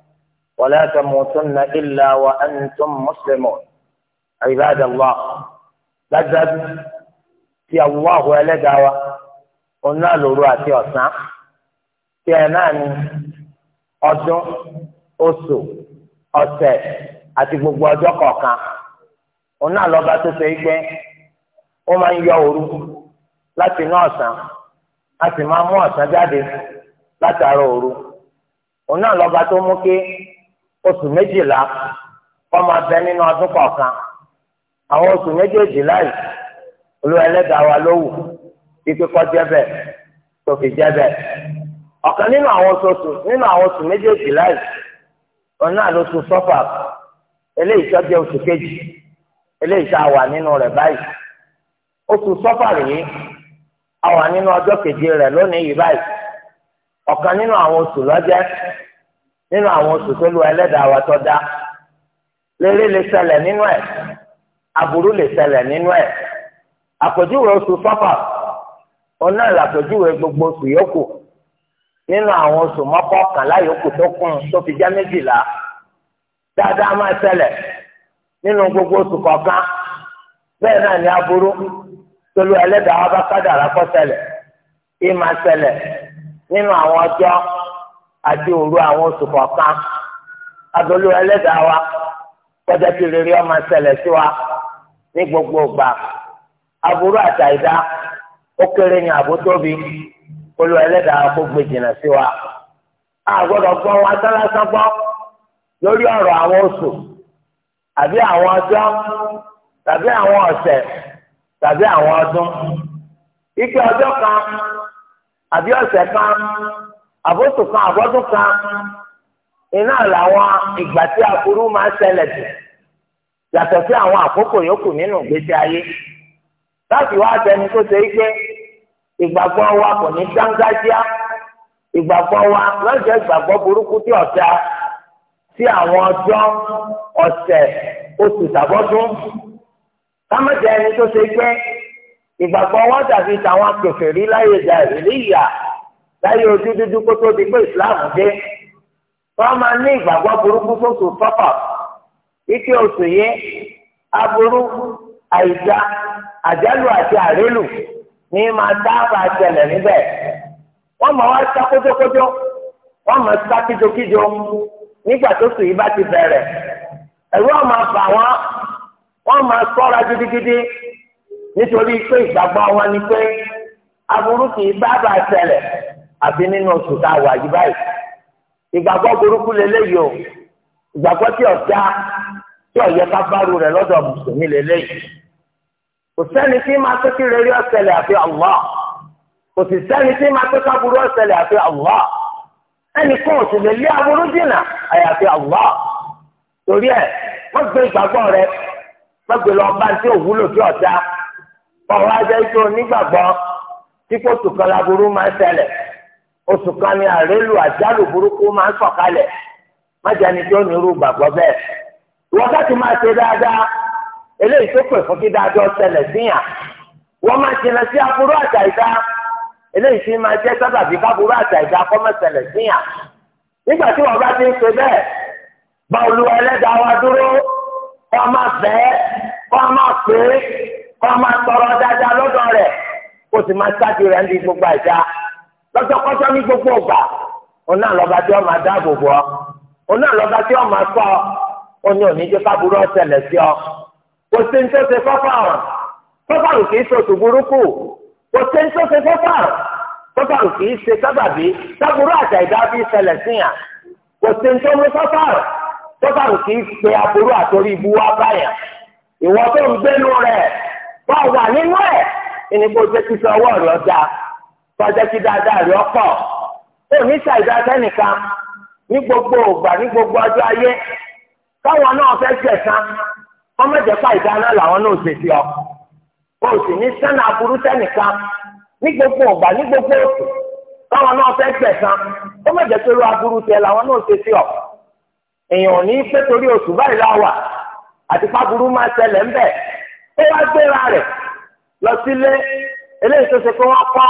ولا تموتن إلا وأنتم مسلمون عباد الله لذب في الله ولا دعوة قلنا له أصنع a sì máa oṣù méjìlá kọ́ máa nínú ọdún kọ̀ọ̀kan àwọn oṣù méjèèjìlá yìí olúwa ẹlẹ́dàá wa ló wù kíkẹ́ kọ́ tó fi jẹ́ ọ̀kan nínú àwọn oṣooṣù nínú àwọn oṣù méjèèjìlá yìí òun náà ló tún sọ́fà eléyìí tó jẹ́ oṣù kejì eléyìí tá wà nínú rẹ̀ báyìí oṣù sọ́fà rèé a nínú ọjọ́ rẹ̀ lónìí yìí nínú àwọn oṣù tó lu ẹlẹ́dàá wa tó dá rere lè ṣẹlẹ̀ nínú ẹ̀ aburú lè ṣẹlẹ̀ nínú ẹ̀ àpèjúwe oṣù Safar òun náà làpèjúwe gbogbo oṣù yòókù nínú àwọn oṣù mọ́kànlá yòókù tó kún tó fi jẹ́ méjìlá dáadáa máa ṣẹlẹ̀ nínú gbogbo oṣù kọ̀ọ̀kan bẹ́ẹ̀ náà ni aburú tolu ẹlẹ́dàá wa bá kádàrá kó ṣẹlẹ̀ ìmà ṣẹlẹ̀ nínú àwọn ọjọ́ àti òru àwọn oṣù kọ̀ọ̀kan adolu ẹlẹ́dàá wa kọjá ti rere ọmọ ṣẹlẹ̀ sí wa ní gbogbo ìgbà aburú àtàìdá ó kéré ní àbótóbi olú ẹlẹ́dàá kó gbé jìnnà sí wa a gbọ́dọ̀ gbọ́ wọn gbọ́ lórí ọ̀rọ̀ àwọn oṣù àbí àwọn ọjọ́ tàbí àwọn ọ̀sẹ̀ tàbí àwọn ọdún ike ọjọ́ kan àbí ọ̀sẹ̀ kan. àbótò kan àbọ́dún kan iná làwọn ìgbà tí aburú máa ṣẹlẹ̀ jù yàtọ̀ sí àwọn àkókò yòókù nínú ìgbésí ayé láti wá àtẹnu tó ṣe é pé ìgbàgbọ́ wa kò ní dángájíá ìgbàgbọ́ wa lọ́jọ́ ìgbàgbọ́ burúkú tí ọ̀tá sí àwọn ọjọ́ ọ̀sẹ̀ oṣù tàbọ́dún kámẹ́jẹ ẹni tó ṣe pé ìgbàgbọ́ wa dàbí tàwọn kèfèrí láyé ìjà ìrìlíyà láyé ojú dúdú kó tó di pé ìsìláàmù dé wọ́n máa ní ìgbàgbọ́ burúkú ike oṣù yẹn aburú àìjà àjálù àti àrélù ní máa dáàbà ṣẹlẹ̀ níbẹ̀ wọ́n máa wá sá kójókójó wọ́n máa sá kíjokíjo nígbà tó sùn yìí bá ti bẹ̀rẹ̀ ẹ̀rú ọ̀ máa bà wọ́n wọ́n máa sọ́ra gidigidi nítorí pé ìgbàgbọ́ wọn ni pé aburú kì í dáàbà ṣẹlẹ̀. àbí nínú oṣù tá a wà yí báyìí ìgbàgbọ́ burúkú lélẹ́yìí o ìgbàgbọ́ tí ọ̀dá tí ọ̀yẹ ká bárù rẹ̀ lọ́dọ̀ mùsùlùmí lélẹ́yìí kò sẹ́ni tí máa tó kí rere ọ̀sẹ̀lẹ̀ àfi Allah kò sì sẹ́ni tí máa tó káburú ọ̀sẹ̀lẹ̀ àfi Allah ẹnì kan ò sì lè lé aburú jìnnà àyàfi Allah torí ẹ wọ́n gbé ìgbàgbọ́ rẹ wọ́n gbé lọ bá tí òwúlò tí ọ̀dá ọ̀rọ̀ ajẹ́ tó oṣù kan ni àrélu àjálù burúkú máa ń sọ̀kalẹ̀ májani tí ní irú gbàgbọ́ bẹ́ẹ̀ wọ́n ti máa ṣe dáadáa eléyìí tó pè fún kí dáadáa ṣẹlẹ̀ síyàn wọ́n máa ṣẹlẹ̀ sí aburú àtàìdá eléyìí tí máa jẹ́ kọ́ ṣẹlẹ̀ síyàn nígbà tí wọ́n bá ti ń ṣe bẹ́ẹ̀ bá olúwa ẹlẹ́dàá wa dúró kọ́ máa gbogbo lọ́sọ̀kọ́sọ́ ní gbogbo ọgbà ọ̀nà lọ́ba tí wọ́n máa dáàbò bọ́ ọ̀nà lọ́ba tí wọ́n máa sọ ọ ní oníjẹ́ kábúrú ọ̀sẹ̀lẹ̀ sí ọ. kò sí ní tó ṣe fọ́fàrùn fọ́fàrùn kì í ṣòṣù burúkú kò sí ní tó ṣe fọ́fàrùn fọ́fàrùn kì í ṣe sábàbí sábúrú àti àìdá fi ṣẹlẹ̀ síyàn kò sí ní tó mú fọ́fàrùn fọ́fàrùn kì í pe aburú àtòrí ibú wá báyàn ìwọ tọ́jọ́ kí dáadáa rí ọ̀pọ̀ ó ní ṣàìdá sẹ́nìkan ní gbogbo ògbà ní gbogbo ọjọ́ ayé káwọn náà fẹ́ gbẹ̀san wọ́n mọ̀jẹ̀ fàìdá náà làwọn náà ṣe sí ọ o sì ní sẹ́nà aburú sẹ́nìkan ní gbogbo ògbà ní gbogbo káwọn náà fẹ́ wọ́n tó aburú tẹ làwọn náà ṣe ọ èèyàn ní pé torí oṣù báyìí la wà àti fáburú máa ṣẹlẹ̀ ńbẹ̀ ó wá gbéra rẹ̀ lọ sílé eléyìí tó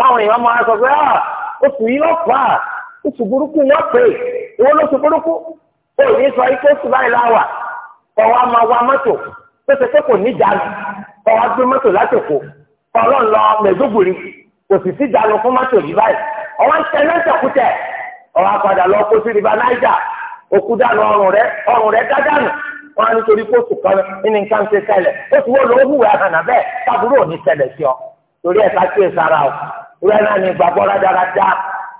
táwọn èèyàn máa sọ pé à ah, oṣù yìí lọ fà á oṣù burúkú wọ́n pè é owó lóṣù burúkú ó ní sọ yìí tó ṣùgbọ́n a máa wa mọ́tò tó ṣe pé kò ní ìdáná ọwọ́ gbé mọ́tò látòkò lọ kò sì sí fún mọ́tò yìí báyìí ọwọ́ ń ọwọ́ lọ kó sí náíjà òkú dànù ọrùn rẹ ọrùn rẹ wọn á nítorí kóòtù kan nǹkan ṣe o ìwé náà ní ìgbàgbọ́ rádaràda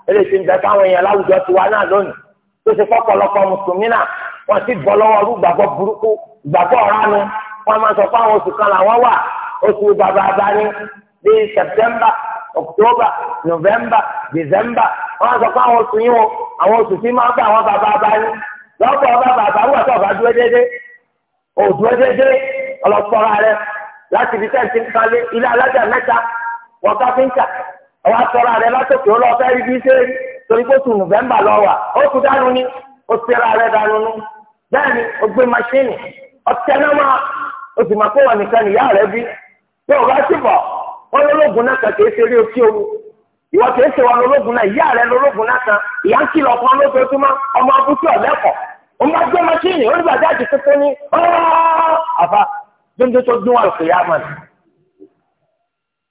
eré tí ń bẹ fáwọn èèyàn láwùjọ tiwa náà lónìí tó ṣe fọ́pọ̀lọpọ̀ mùsùlùmí náà wọ́n ti bọ́ lọ́wọ́ ọdún gbàgbọ́ burúkú gbàgbọ́ ọ̀ránu wọ́n máa sọ fáwọn oṣù kan làwọn wà oṣù bàbá abání bíi September October November December wọ́n sọ fáwọn oṣù yìí wọn àwọn oṣù tí máa ń bá àwọn bàbá abání lọ́pọ̀ ọba bàbá wà tó ọba dúró déédéé òdúró déédéé ọlọ́pọ̀ rẹ̀ láti ibi tẹ́ǹtì ń kalẹ̀ ilé alájà mẹ́ta wọ́n káfíńtà ọwọ́ atọ́ra rẹ látòkè lọ rí bí ṣe rí torí kó tù nùfẹ́mbà lọ wà ó tún dánú ni ó tẹ́ra rẹ dánú nú bẹ́ẹ̀ ni ó gbé maṣíìnì ọtẹ náà máa ó sì máa kó wà nìkan rẹ bí o sì bọ̀ wọn lọ́lọ́gùn náà kàn kìí ṣeré ojú ìwọ kìí ṣe wọn lọ́lọ́gùn náà ìyá rẹ lọ́lọ́gùn náà kan ìyá ń kìlọ̀ ọmọ gbé maṣíìnì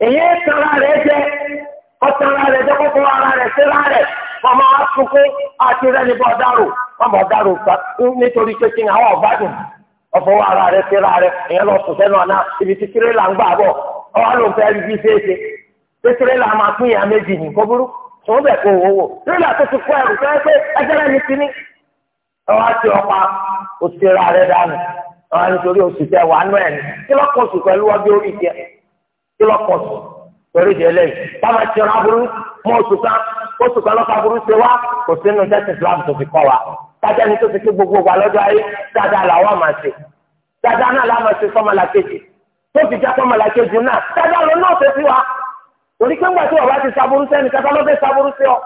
èyí tara rẹ̀ jẹ ọtọrọ rẹ̀ jẹ kókó ara rẹ̀ síra rẹ̀ ọmọ asukú àti rẹ̀ níbọ dárò ọmọ dárò nítorí pé àwọn ọba dùn ara rẹ̀ síra rẹ̀ èyí lọ sùn sẹ́nu ibi tí tirẹ́là ń gbà bọ̀ ọwọ́ ló ń fẹ́ rí bí pé tirẹ́là máa pín ìyá méjì kó wò tirẹ́là tó ti ẹrù fẹ́ pé ẹgbẹ́rẹ́ mi ti ní ọwọ́ rẹ̀ dànù ọwọ́ nítorí kí lọ pọ̀ sí torí ìdí ẹlẹ́yìn táwọn ẹtì ọ̀rọ̀ aburú mọ́ oṣù kan oṣù kan lọ́kọ̀ aburú ṣe wá kò sínú tẹ́sí Islam tó fi kọ́ wa tájà ni tó fi kí gbogbo wa lọ́jọ́ ayé dáadáa làwọn àmà ṣe dáadáa náà làwọn àmà ṣe sọ́mọlá kejì tó fi já sọ́mọlá kejì náà dáadáa lọ náà fẹ́ sí wa torí pé ńgbà tí wọ́n bá ti saburú sẹ́ni kátà lọ́fẹ́ saburú sí ọ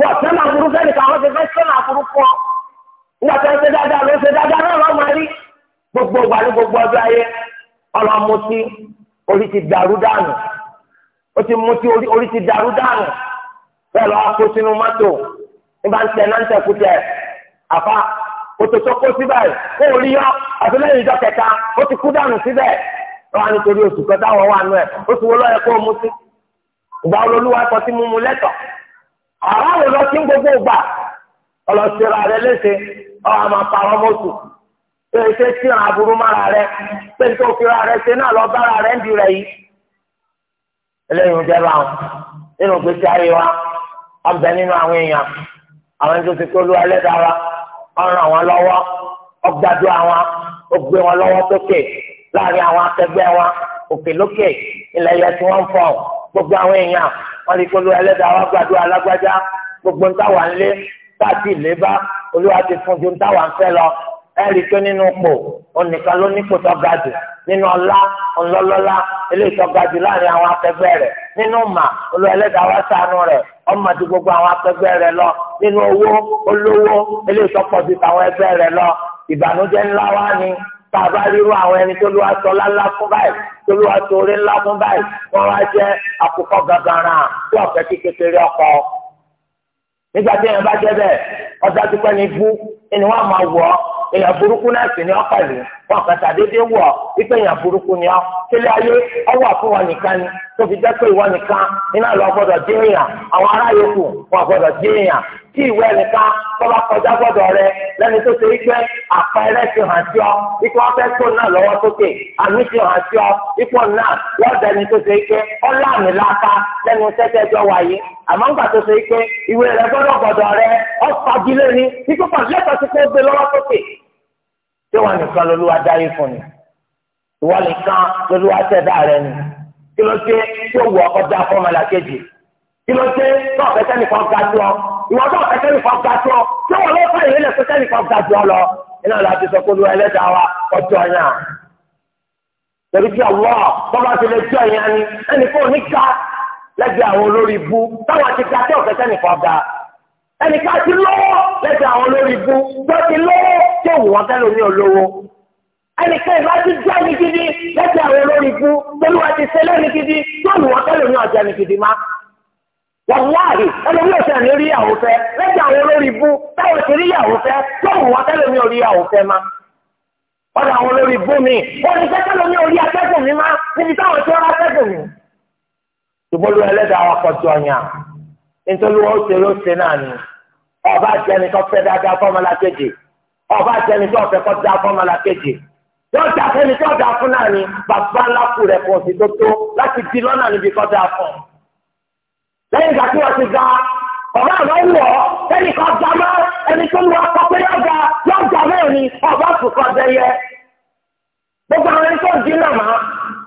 wọ́n sẹ́nà aburú sẹ́ni káwọn ti fẹ́ sẹ́nà aburú fún ọ ńgbà tí wọ́n ṣe dáadáa ló ṣe dáadáa náà lọ́ọ́ máa rí gbogbo ìgbà ní gbogbo ọjọ́ ayé ọlọ́mùtí orí ti dàrú dànù ó ti mú tí orí ti dàrú dànù bẹ́ẹ̀ lọ́wọ́ kó sínú mọ́tò nígbà ń tẹ náà ń tẹ kú tẹ àfa òtòtò kó síbẹ̀ kó o rí yọ àti lẹ́yìn ìjọ kẹta ó ti kú dànù síbẹ̀ lọ́wọ́ nítorí oṣù kẹta wọ́n wà nù ẹ̀ oṣù wo lọ́yẹ kó o mú sí ìgbà olólùwà ẹ̀kọ́ tí mímu lẹ́tọ̀ àrà wò lọ sí gbogbo ìgbà ọlọ́sẹ̀rọ̀ rẹ léṣe ọ̀ pé ṣé tí àwọn aburú mára rẹ pé nítorí òfìrà rẹ ṣe náà lọ bára rẹ ń di rẹ yìí. eléyìí ń jẹ́ bá wọn nínú gbèsè ayé wa ọbẹ̀ nínú àwọn èèyàn àwọn tó ti kó lu ẹlẹ́dàá wa ọ̀ràn àwọn lọ́wọ́ ọgbàdo àwọn ó gbé wọn lọ́wọ́ sókè láàrin àwọn akẹgbẹ́ wọn òkè lókè ilẹ̀ yẹ tí wọ́n ń fọ̀ gbogbo àwọn èèyàn wọ́n ti kó lu ẹlẹ́dàá wa gbàdo alágbájá gbogbo ń táwa ń lé táàtì lébá olúwa ti fún ju ń táwa ń fẹ́ lọ ẹ̀rí pé nínú pò onìkan ló nípò tó ga jù nínú ọlá ọlọ́lọ́lá eléyìí tó ga jù láàrin àwọn akẹgbẹ́ rẹ̀ nínú mà olú ẹlẹ́dàá wá ṣàánú rẹ̀ ọmọ ju gbogbo àwọn akẹgbẹ́ rẹ̀ lọ nínú owó olówó eléyìí tó pọ̀ ju tàwọn ẹgbẹ́ rẹ̀ lọ ìbànújẹ́ ńlá wá ni tá a bá ríru àwọn ẹni tó ló wá sọ lálá fún báyìí tó ló wá sọ orí ńlá fún báyìí wọ́n wá jẹ́ àkókò gàgàrà tó ọ̀fẹ́ kékeré ọkọ̀ nígbà tí èèyàn bá jẹ́ bẹ́ẹ̀ ọjà dúpẹ́ ní bú ẹni wọ́n máa wọ̀ èèyàn burúkú náà sì ni ọ́ pẹ̀lú wọn kàn sàdédé wọ̀ ọ́ wípé èèyàn burúkú ni ọ́ kílẹ̀ ayé ọwọ́ fún wọn nìkan ni tó fi pé ìwọ nìkan iná lọ tí ìwé nìkan tó bá kọjá gbọ́dọ̀ rẹ lẹ́ni tó ṣe wípé àpẹẹrẹ ti hàn sí ọ ikú wọn fẹ́ tó náà lọ́wọ́ sókè àmì ti hàn sí ọ ipò náà wọ́n dẹni tó ṣe wípé ọlọ́àmì láta lẹ́nu tẹ́tẹ́jọ́ wáyé àmọ́ ńgbà tó ṣe wípé ìwé rẹ gbọ́dọ̀ gbọ́dọ̀ rẹ ọ fagilé ni ikú kan lẹ́tọ̀ọ́ ti tó gbé lọ́wọ́ sókè tí wọn nìkan lolúwa dáyé fún ni ìwọ nìkan lolúwa ṣẹ̀dá rẹ ni kí ló dé tí ó wù ọkọ dá fọmọlàkejì kí ló dé tí ọ̀fẹ́ sẹ́nìkan ga ìwọ́dọ̀ kẹtẹ́lì kan ga jọ tí wọ́n lọ fún ìrẹ́lẹ̀ kẹtẹ́lì kan ga jọ lọ iná la ti sọ pé olúwa ẹlẹ́dàá wa ọjọ́ yẹn torí kí ọwọ́ bọ́lá ti lè jọ yẹn ni ẹnì kò ní ká lẹ́gbẹ̀ẹ́ àwọn olórí ibú táwọn ti ga tí ọ̀fẹ́ kẹ́nìkan ga ẹnì ká ti lọ́wọ́ lẹ́gbẹ̀ẹ́ àwọn olórí ibú tó ti lọ́wọ́ tó wù wọ́n kẹ́lò ní olówó ẹnì ká ìbá ti jẹ́ ní gidi lẹ́gbẹ̀ẹ́ àwọn olórí ibú tó lù wọ́n ti ṣẹlẹ̀ ní gidi tó wù wọ́n kẹ́lò ní ọjà ní gidi má wàláhì ẹlòmí ọ̀sẹ̀ ní rí ìyàwó fẹ́ lẹ́jọ́ àwọn olórí bú táwọn ti rí ìyàwó fẹ́ tóun wá tẹ́lẹ̀mí orí ìyàwó fẹ́ má. ọ̀dọ̀ àwọn olórí bú mi wọ́n ti fẹ́ tẹ́lẹ̀mí orí atẹ́gùn mi má níbi táwọn ti rán atẹ́gùn mi. ṣùgbọ́n lu ẹlẹ́dàá wa kọjú ọ̀yàn nítorí wọ́n ṣe ló ṣe náà ni ọba àtẹni tó fẹ́ dáadáa fọ́mọlá kejì ọba àtẹni tó fẹ́ kọ́ dáa fọ́mọlá kejì yóò dáa fẹ́ni tó dáa fún náà ni bàbá ńlá kù rẹ̀ kò sí tó tó láti di lọ́nà níbi kọ́ fún un. lẹ́yìn ìgbà tí wọ́n ti ga ọ̀gá àwọn wọ̀ ẹnì kan gbà mọ́ ẹni tó ń wọ ọkọ pé yóò ga yóò gbà náà ni ọba sùkọ́ dẹyẹ. gbogbo àwọn ẹni tó ń dín náà má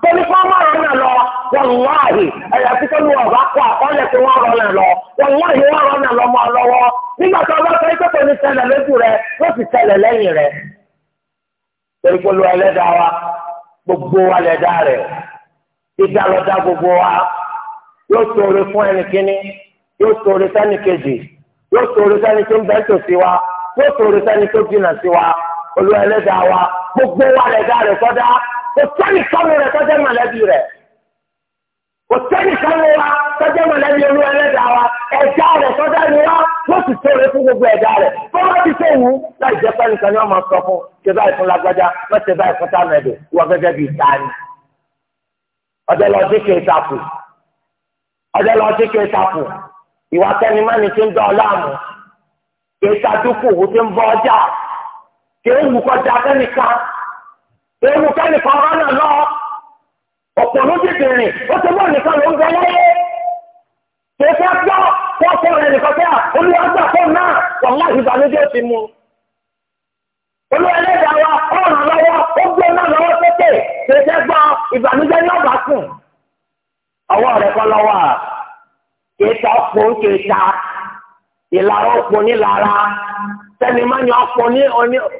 tóbi kọ́ mọ́ náà lọ wọ́n wáàyè ẹ̀yà tí tóbi wọ̀ bá àkọọ́lẹ̀ tí wọ́n rọ̀ náà lọ wọ́n wọ́n rọ̀ náà lọ mọ́ ọ lọ́wọ́ nígbà tó ọba sọ pé ní ṣẹlẹ̀ lójú rẹ ló wa gbogbo wa. yóò ṣoore fún ẹni kíní yóò ṣoore sẹ́ni kejì yóò ṣoore sẹ́ni tó ń bẹ́ẹ̀ tó sí wa yóò ṣoore sẹ́ni tó jìnnà sí wa olú ẹlẹ́dàá wa gbogbo wa lẹ́dá rẹ̀ kọ́dá kò sẹ́ni kánú rẹ̀ kọ́dá mọ̀lẹ́bí rẹ̀ kò sẹ́ni kánú wa kọ́dá mọ̀lẹ́bí olú ẹlẹ́dàá wa ẹ̀dá rẹ̀ kọ́dá ni wa yóò sì ṣoore fún gbogbo ẹ̀dá rẹ̀ bó wá ti tó wù ú láì jẹ́ pẹ́ nìkan ni wọ́n máa sọ fún ṣe báyìí fún lágbájá mọ́ ṣe báyìí fún táwọn ẹ̀dùn wọ́n gẹ́gẹ́ bíi tani ọ̀dọ́ lọ dín ọjọ́ lọ sí kẹta kù ìwà tẹni mẹ́ni ti ń dán ọ láàmú kẹta dúkù ó ti ń bọ ọjà kéwù kọjá kẹ́nìkan kéwù kẹ́nìkan rán náà lọ ọ̀pọ̀ ló dìde rìn ó ti mọ̀ nìkan ló ń bẹ lọ́wọ́ kéka gbọ́ kọ́kọ́ rẹ̀ nìkan tẹ́ à olúwa gbà fún náà wọ́n láti ìbànújẹ́ ti mú olúwa ẹlẹ́dàá wa ọ̀ràn lọ́wọ́ ó gbé náà lọ́wọ́ sókè kéka gbọ́ ìbànújẹ́ yóò bá sùn. ọwọ́ rẹ kọ́ lọ́wọ́ à kéta ọ̀pọ̀ ń kéta ìlara ọ̀pọ̀ nílara ní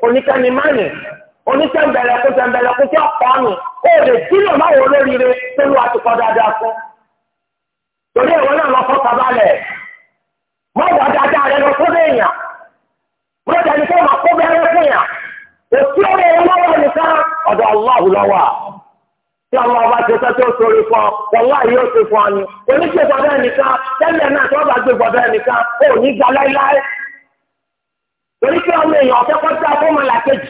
oníkẹnimánì onísẹ̀mbẹ̀lẹ̀kú sẹ̀mbẹ̀lẹ̀kú tí ọ̀pọ̀ ọ̀nù kó o lè dínà máa wọ lóríire tó lu àtúkọ̀ dáadáa fún. torí náà lọ wà dáadáa rẹ lọ fún máa kó fún yàn ọ̀rẹ́ ẹ̀ lọ́wọ́ nìkan ọ̀dọ̀ tí ọmọ ọba ṣe sọ́tò sórí fún ọ wọ́n wá yóò ṣe fún ọ ni oníṣẹ́ gbọ́dọ̀ nìkan tẹ́lẹ̀ náà tí wọ́n bá gbé gbọ́dọ̀ nìkan ó ní gba láéláé torí pé ọmọ èèyàn ọ̀fẹ́ kọ́ sí afọ́mọ làkejì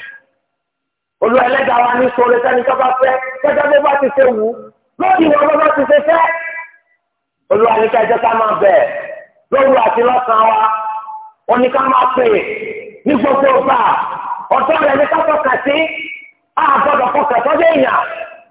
olú ẹlẹ́dàá wa ní sọ̀rọ̀ sẹ́ni tó bá fẹ́ kẹ́kẹ́ bó bá ti ṣe wù ú lórí ìwọ̀n bó bá ti ṣe fẹ́ olú àníkẹ́ jẹ́ ká máa bẹ̀ lóru àti lọ́sàn-án wa oníká máa pè ní gbogbo ọba ọ̀tọ́ rẹ̀ ní ká fọkàn sí àgbọ̀dọ̀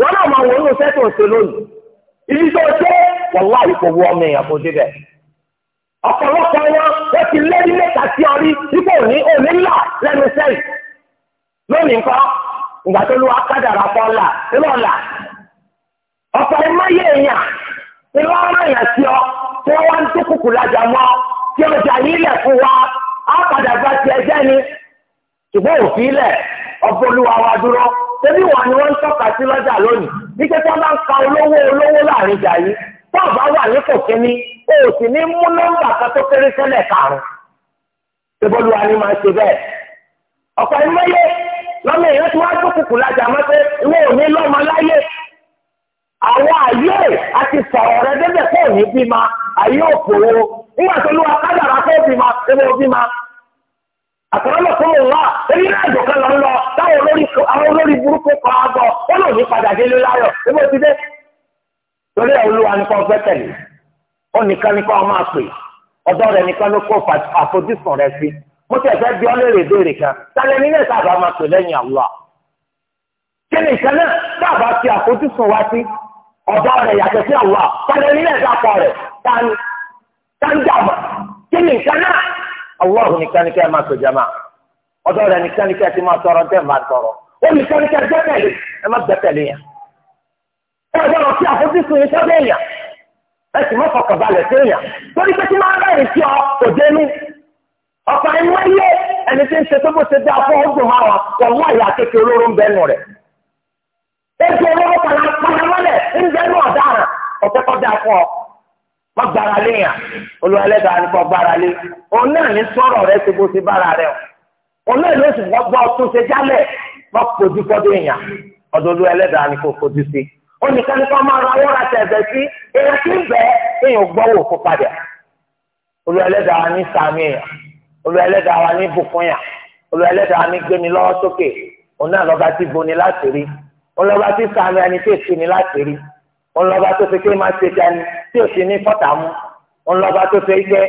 wọn náà máa wọ ose ṣe lónìí ibi tó dé wàhálà ìkòwò ọmọ èèyàn wọn ti lé ní ni wọ́n rán èèyàn sí ọ tí wọ́n wá ń tó kùkù lájà mọ́ tí ọjà yìí lẹ̀ fún wa á padà bá ni òfin wa dúró ṣebí wọn ní wọ́n ń tọ́ka sí lọ́jà lónìí bí bá ń ka olówó olówó láàrin ìjà yìí tó wà ní kò o ò sì ní mú nọ́mbà kan tó kéré sẹ́lẹ̀ karùn-ún. ṣébọ́lùwà ni máa ṣe bẹ́ẹ̀. ọ̀pọ̀ ẹni lọ́mọ èèyàn tí wọ́n á dúkùkù lájà mọ́tẹ́ ò ní ní padà délé láyọ̀ ebó ti dé torí ẹ̀ olúwa ni kò fẹ́ tẹ̀lé ó nìkan ni kò máa pè ọ̀dọ́ rẹ̀ nìkan ló kó àfojúsùn rẹ̀ sí mo tẹ̀ fẹ́ bí ọlẹ́rẹ̀ béèrè kan tálẹ̀ nílẹ̀ sábà máa pè lẹ́yìn Allah kí ni ìkan náà sábà fi àfojúsùn wá sí ọ̀dọ́ rẹ̀ yàtọ̀ sí Allah tálẹ̀ nílẹ̀ sábà rẹ̀ tani tani kí ni ìkan náà Allah ni kẹ́ máa pè jama ọ̀dọ́ ni kẹ́ ti máa tọrọ tẹ́ olùkọ́ni ká gbẹ́kẹ̀lé ẹ má gbẹ́kẹ̀lé yẹn. ẹ gbọ́dọ̀ fi àfojúsùn yín sábẹ́ èèyàn ẹ sì má fọkàn balẹ̀ sí èèyàn torí pé tí máa ń bẹ̀rẹ̀ sí ọ kò dénú. ọ̀pọ̀ ẹni wọ́n yé ẹni tí ń ṣe tó bó ṣe dá fún ọgbọ̀n máa wà wọ́n wá ìyá kékeré olóró ń bẹnu rẹ̀. ètò olóró paramọ́lẹ̀ ń bẹnu ọ̀daràn ọ̀pẹ́ kọ́ dá ọ. má lé yàn olùwàlẹ́dàá má kojú kọ́dé èèyàn ọ̀dọ́dọ́ ẹlẹ́dàá ni kò kojú sí. ó ní kẹ́ni kan máa ra wọ́n ra tẹ̀sẹ̀ sí èèyàn tí ń bẹ́ẹ̀ èèyàn gbọ́wọ́ kó padà. olú ẹlẹ́dàá ní sàmì èèyàn olú ẹlẹ́dàá wa ní bùkún yàn olú ẹlẹ́dàá ní gbéni lọ́wọ́ sókè òun náà lọ́ba ti boni láti rí òun ti sàmì ẹni tí èsì ni láti rí òun lọ́ba tó fi ké máa ṣe dání tí òsì ní fọ́tà mú òun tó fi gbé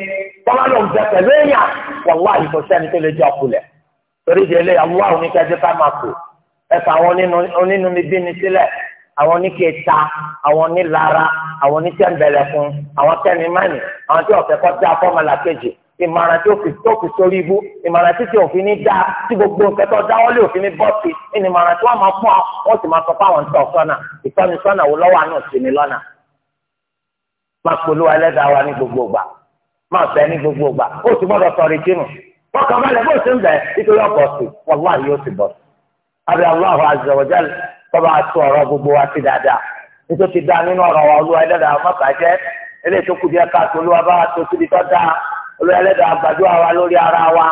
tọ́lá ló bẹ pẹ̀lú èèyàn wàláhì kò sẹ́ni tó lè jẹ́ ọkùnrin torí ìdí ẹlẹ́yà wọ́n àwọn oníkẹ́jẹ́ ká máa kù ẹ̀ka àwọn onínú mi bí ni sílẹ̀ àwọn oníkẹta àwọn onílara àwọn onítẹ̀mbẹ̀lẹ̀kùn àwọn tẹ̀mímánì àwọn tí ọ̀fẹ́ kọ́ dá fọ́mọlà kejì ìmọ̀ràn tí ó fi sórí ibú ìmọ̀ràn tí tí òfin ní dá tí gbogbo nǹkan tó dáwọ́lé òfin ní bọ́ọ̀sì ìmọ̀ràn tí wọ́n máa pọ̀ wọ́n sì máa sọ pé àwọn ń tọ̀ sọ́nà wo lọ́wọ́ àánú sí ni lọ́nà. máa polówó ẹlẹ́dàá wa ní gbogbo ìgbà máa bẹ ní gbogbo ìgbà ó sì gbọ́dọ̀ sọ̀rọ̀ ìdínú bọ́kàn balẹ̀ bó ṣe ń bẹ̀ nítorí ọkọ̀ sí wàllá yóò ti bọ̀ sí. abẹ́ aláwọ̀ azọ̀wọ̀jẹ́ tọ́ba tó ọ̀rọ̀ gbogbo wa ti dáadáa nítorí ti dá nínú ọ̀rọ̀ wa olúwa ẹlẹ́dàá mọ́tà jẹ́ eléyìí tó kù díẹ̀ káàtó olúwa bá wa tó síbi tó dáa olúwa ẹlẹ́dàá gbàdúrà wa lórí ara wa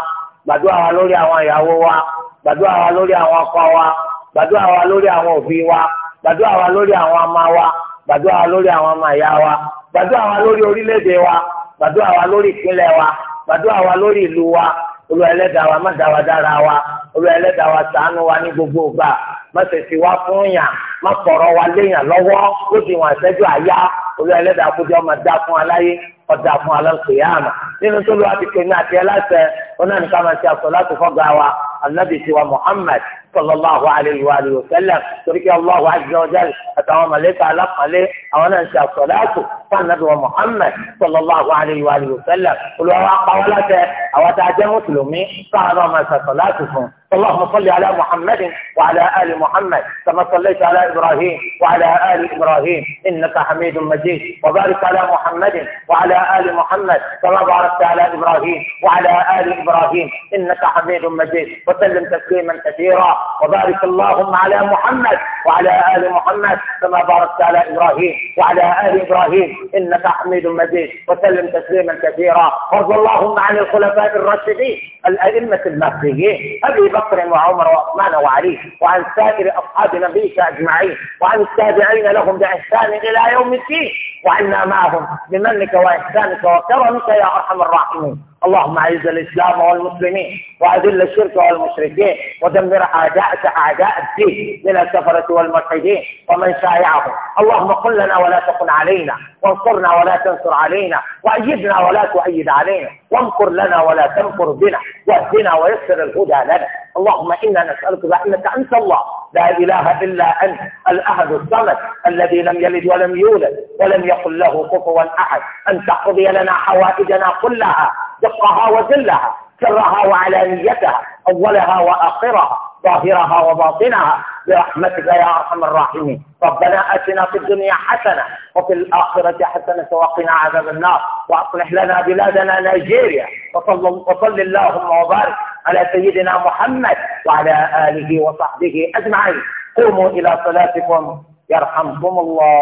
gbàdúrà wa lórí àwọn ìyàwó wa gbàdúrà wa lórí àwọn ọkọ wa gbàdúrà wa lórí àwọn òbí wa gbàdúrà wa lórí àwọn ọmọ wa gbàdúrà wa lórí àwọn ọmọ ìyá wa gbàdúrà wa lórí orílẹ̀-èdè wa gbàdúrà wa lórí ìpínlẹ̀ wa gbàdúrà wa lórí ìlú wa Olúwa ẹlẹ́dàá wa má dáwà dára wa Olúwa ẹlẹ́dàá wa ṣàánú wa ní gbogbo ìgbà má ṣe fi wá fún yàn má kọ̀rọ̀ wa léyàn lọ́wọ́ ó di wọn àṣẹjú àyá Olúwa ẹlẹ́dàá kó jẹ́ ọmọ dá fún aláyé ọ̀dà fún alákòyàmà nínú tó lọ́wọ́ àti pèmí àti ẹlẹ́sẹ̀ ó náà ní ká máa ṣe àṣọ láti fọ́gà wa anábìsí wa Muhammad صلى الله عليه وآله وسلم ترك الله عز وجل أتوام لك على عليه أو أنا إن شاء صلاته فالنبي محمد صلى الله عليه وآله وسلم قل وراء قولته أو تعجى مسلمي فأنا ما صلاته اللهم صل على محمد وعلى آل محمد كما صليت على إبراهيم وعلى آل إبراهيم إنك حميد مجيد وبارك على محمد وعلى آل محمد كما باركت على إبراهيم وعلى آل إبراهيم إنك حميد مجيد وسلم تسليما كثيرا وبارك اللهم على محمد وعلى آل محمد كما باركت على إبراهيم وعلى آل إبراهيم إنك حميد مجيد وسلم تسليما كثيرا وارض اللهم عن الخلفاء الراشدين الأئمة المهديين أبي بكر وعمر وعثمان وعلي وعن سائر أصحاب نبيك أجمعين وعن التابعين لهم بإحسان إلى يوم الدين وعنا معهم بمنك وإحسانك وكرمك يا أرحم الراحمين اللهم اعز الإسلام والمسلمين وأذل الشرك والمشركين ودمر أعداءك أعداء الدين من الكفرة والملحدين ومن شايعهم اللهم قل لنا ولا تقل علينا وانصرنا ولا تنصر علينا وأيدنا ولا تؤيد علينا وامكر لنا ولا تمكر بنا واهدنا ويسر الهدى لنا اللهم إنا نسألك بأنك أنت الله لا إله إلا أنت الأحد الصمد الذي لم يلد ولم يولد ولم يقل له كفوا أحد أن تقضي لنا حوائجنا كلها سرها وزلها سرها وعلانيتها أولها وآخرها ظاهرها وباطنها برحمتك يا أرحم الراحمين ربنا أتنا في الدنيا حسنة وفي الآخرة حسنة وقنا عذاب النار وأصلح لنا بلادنا نيجيريا وصل, وصل اللهم وبارك على سيدنا محمد وعلى آله وصحبه أجمعين قوموا إلى صلاتكم يرحمكم الله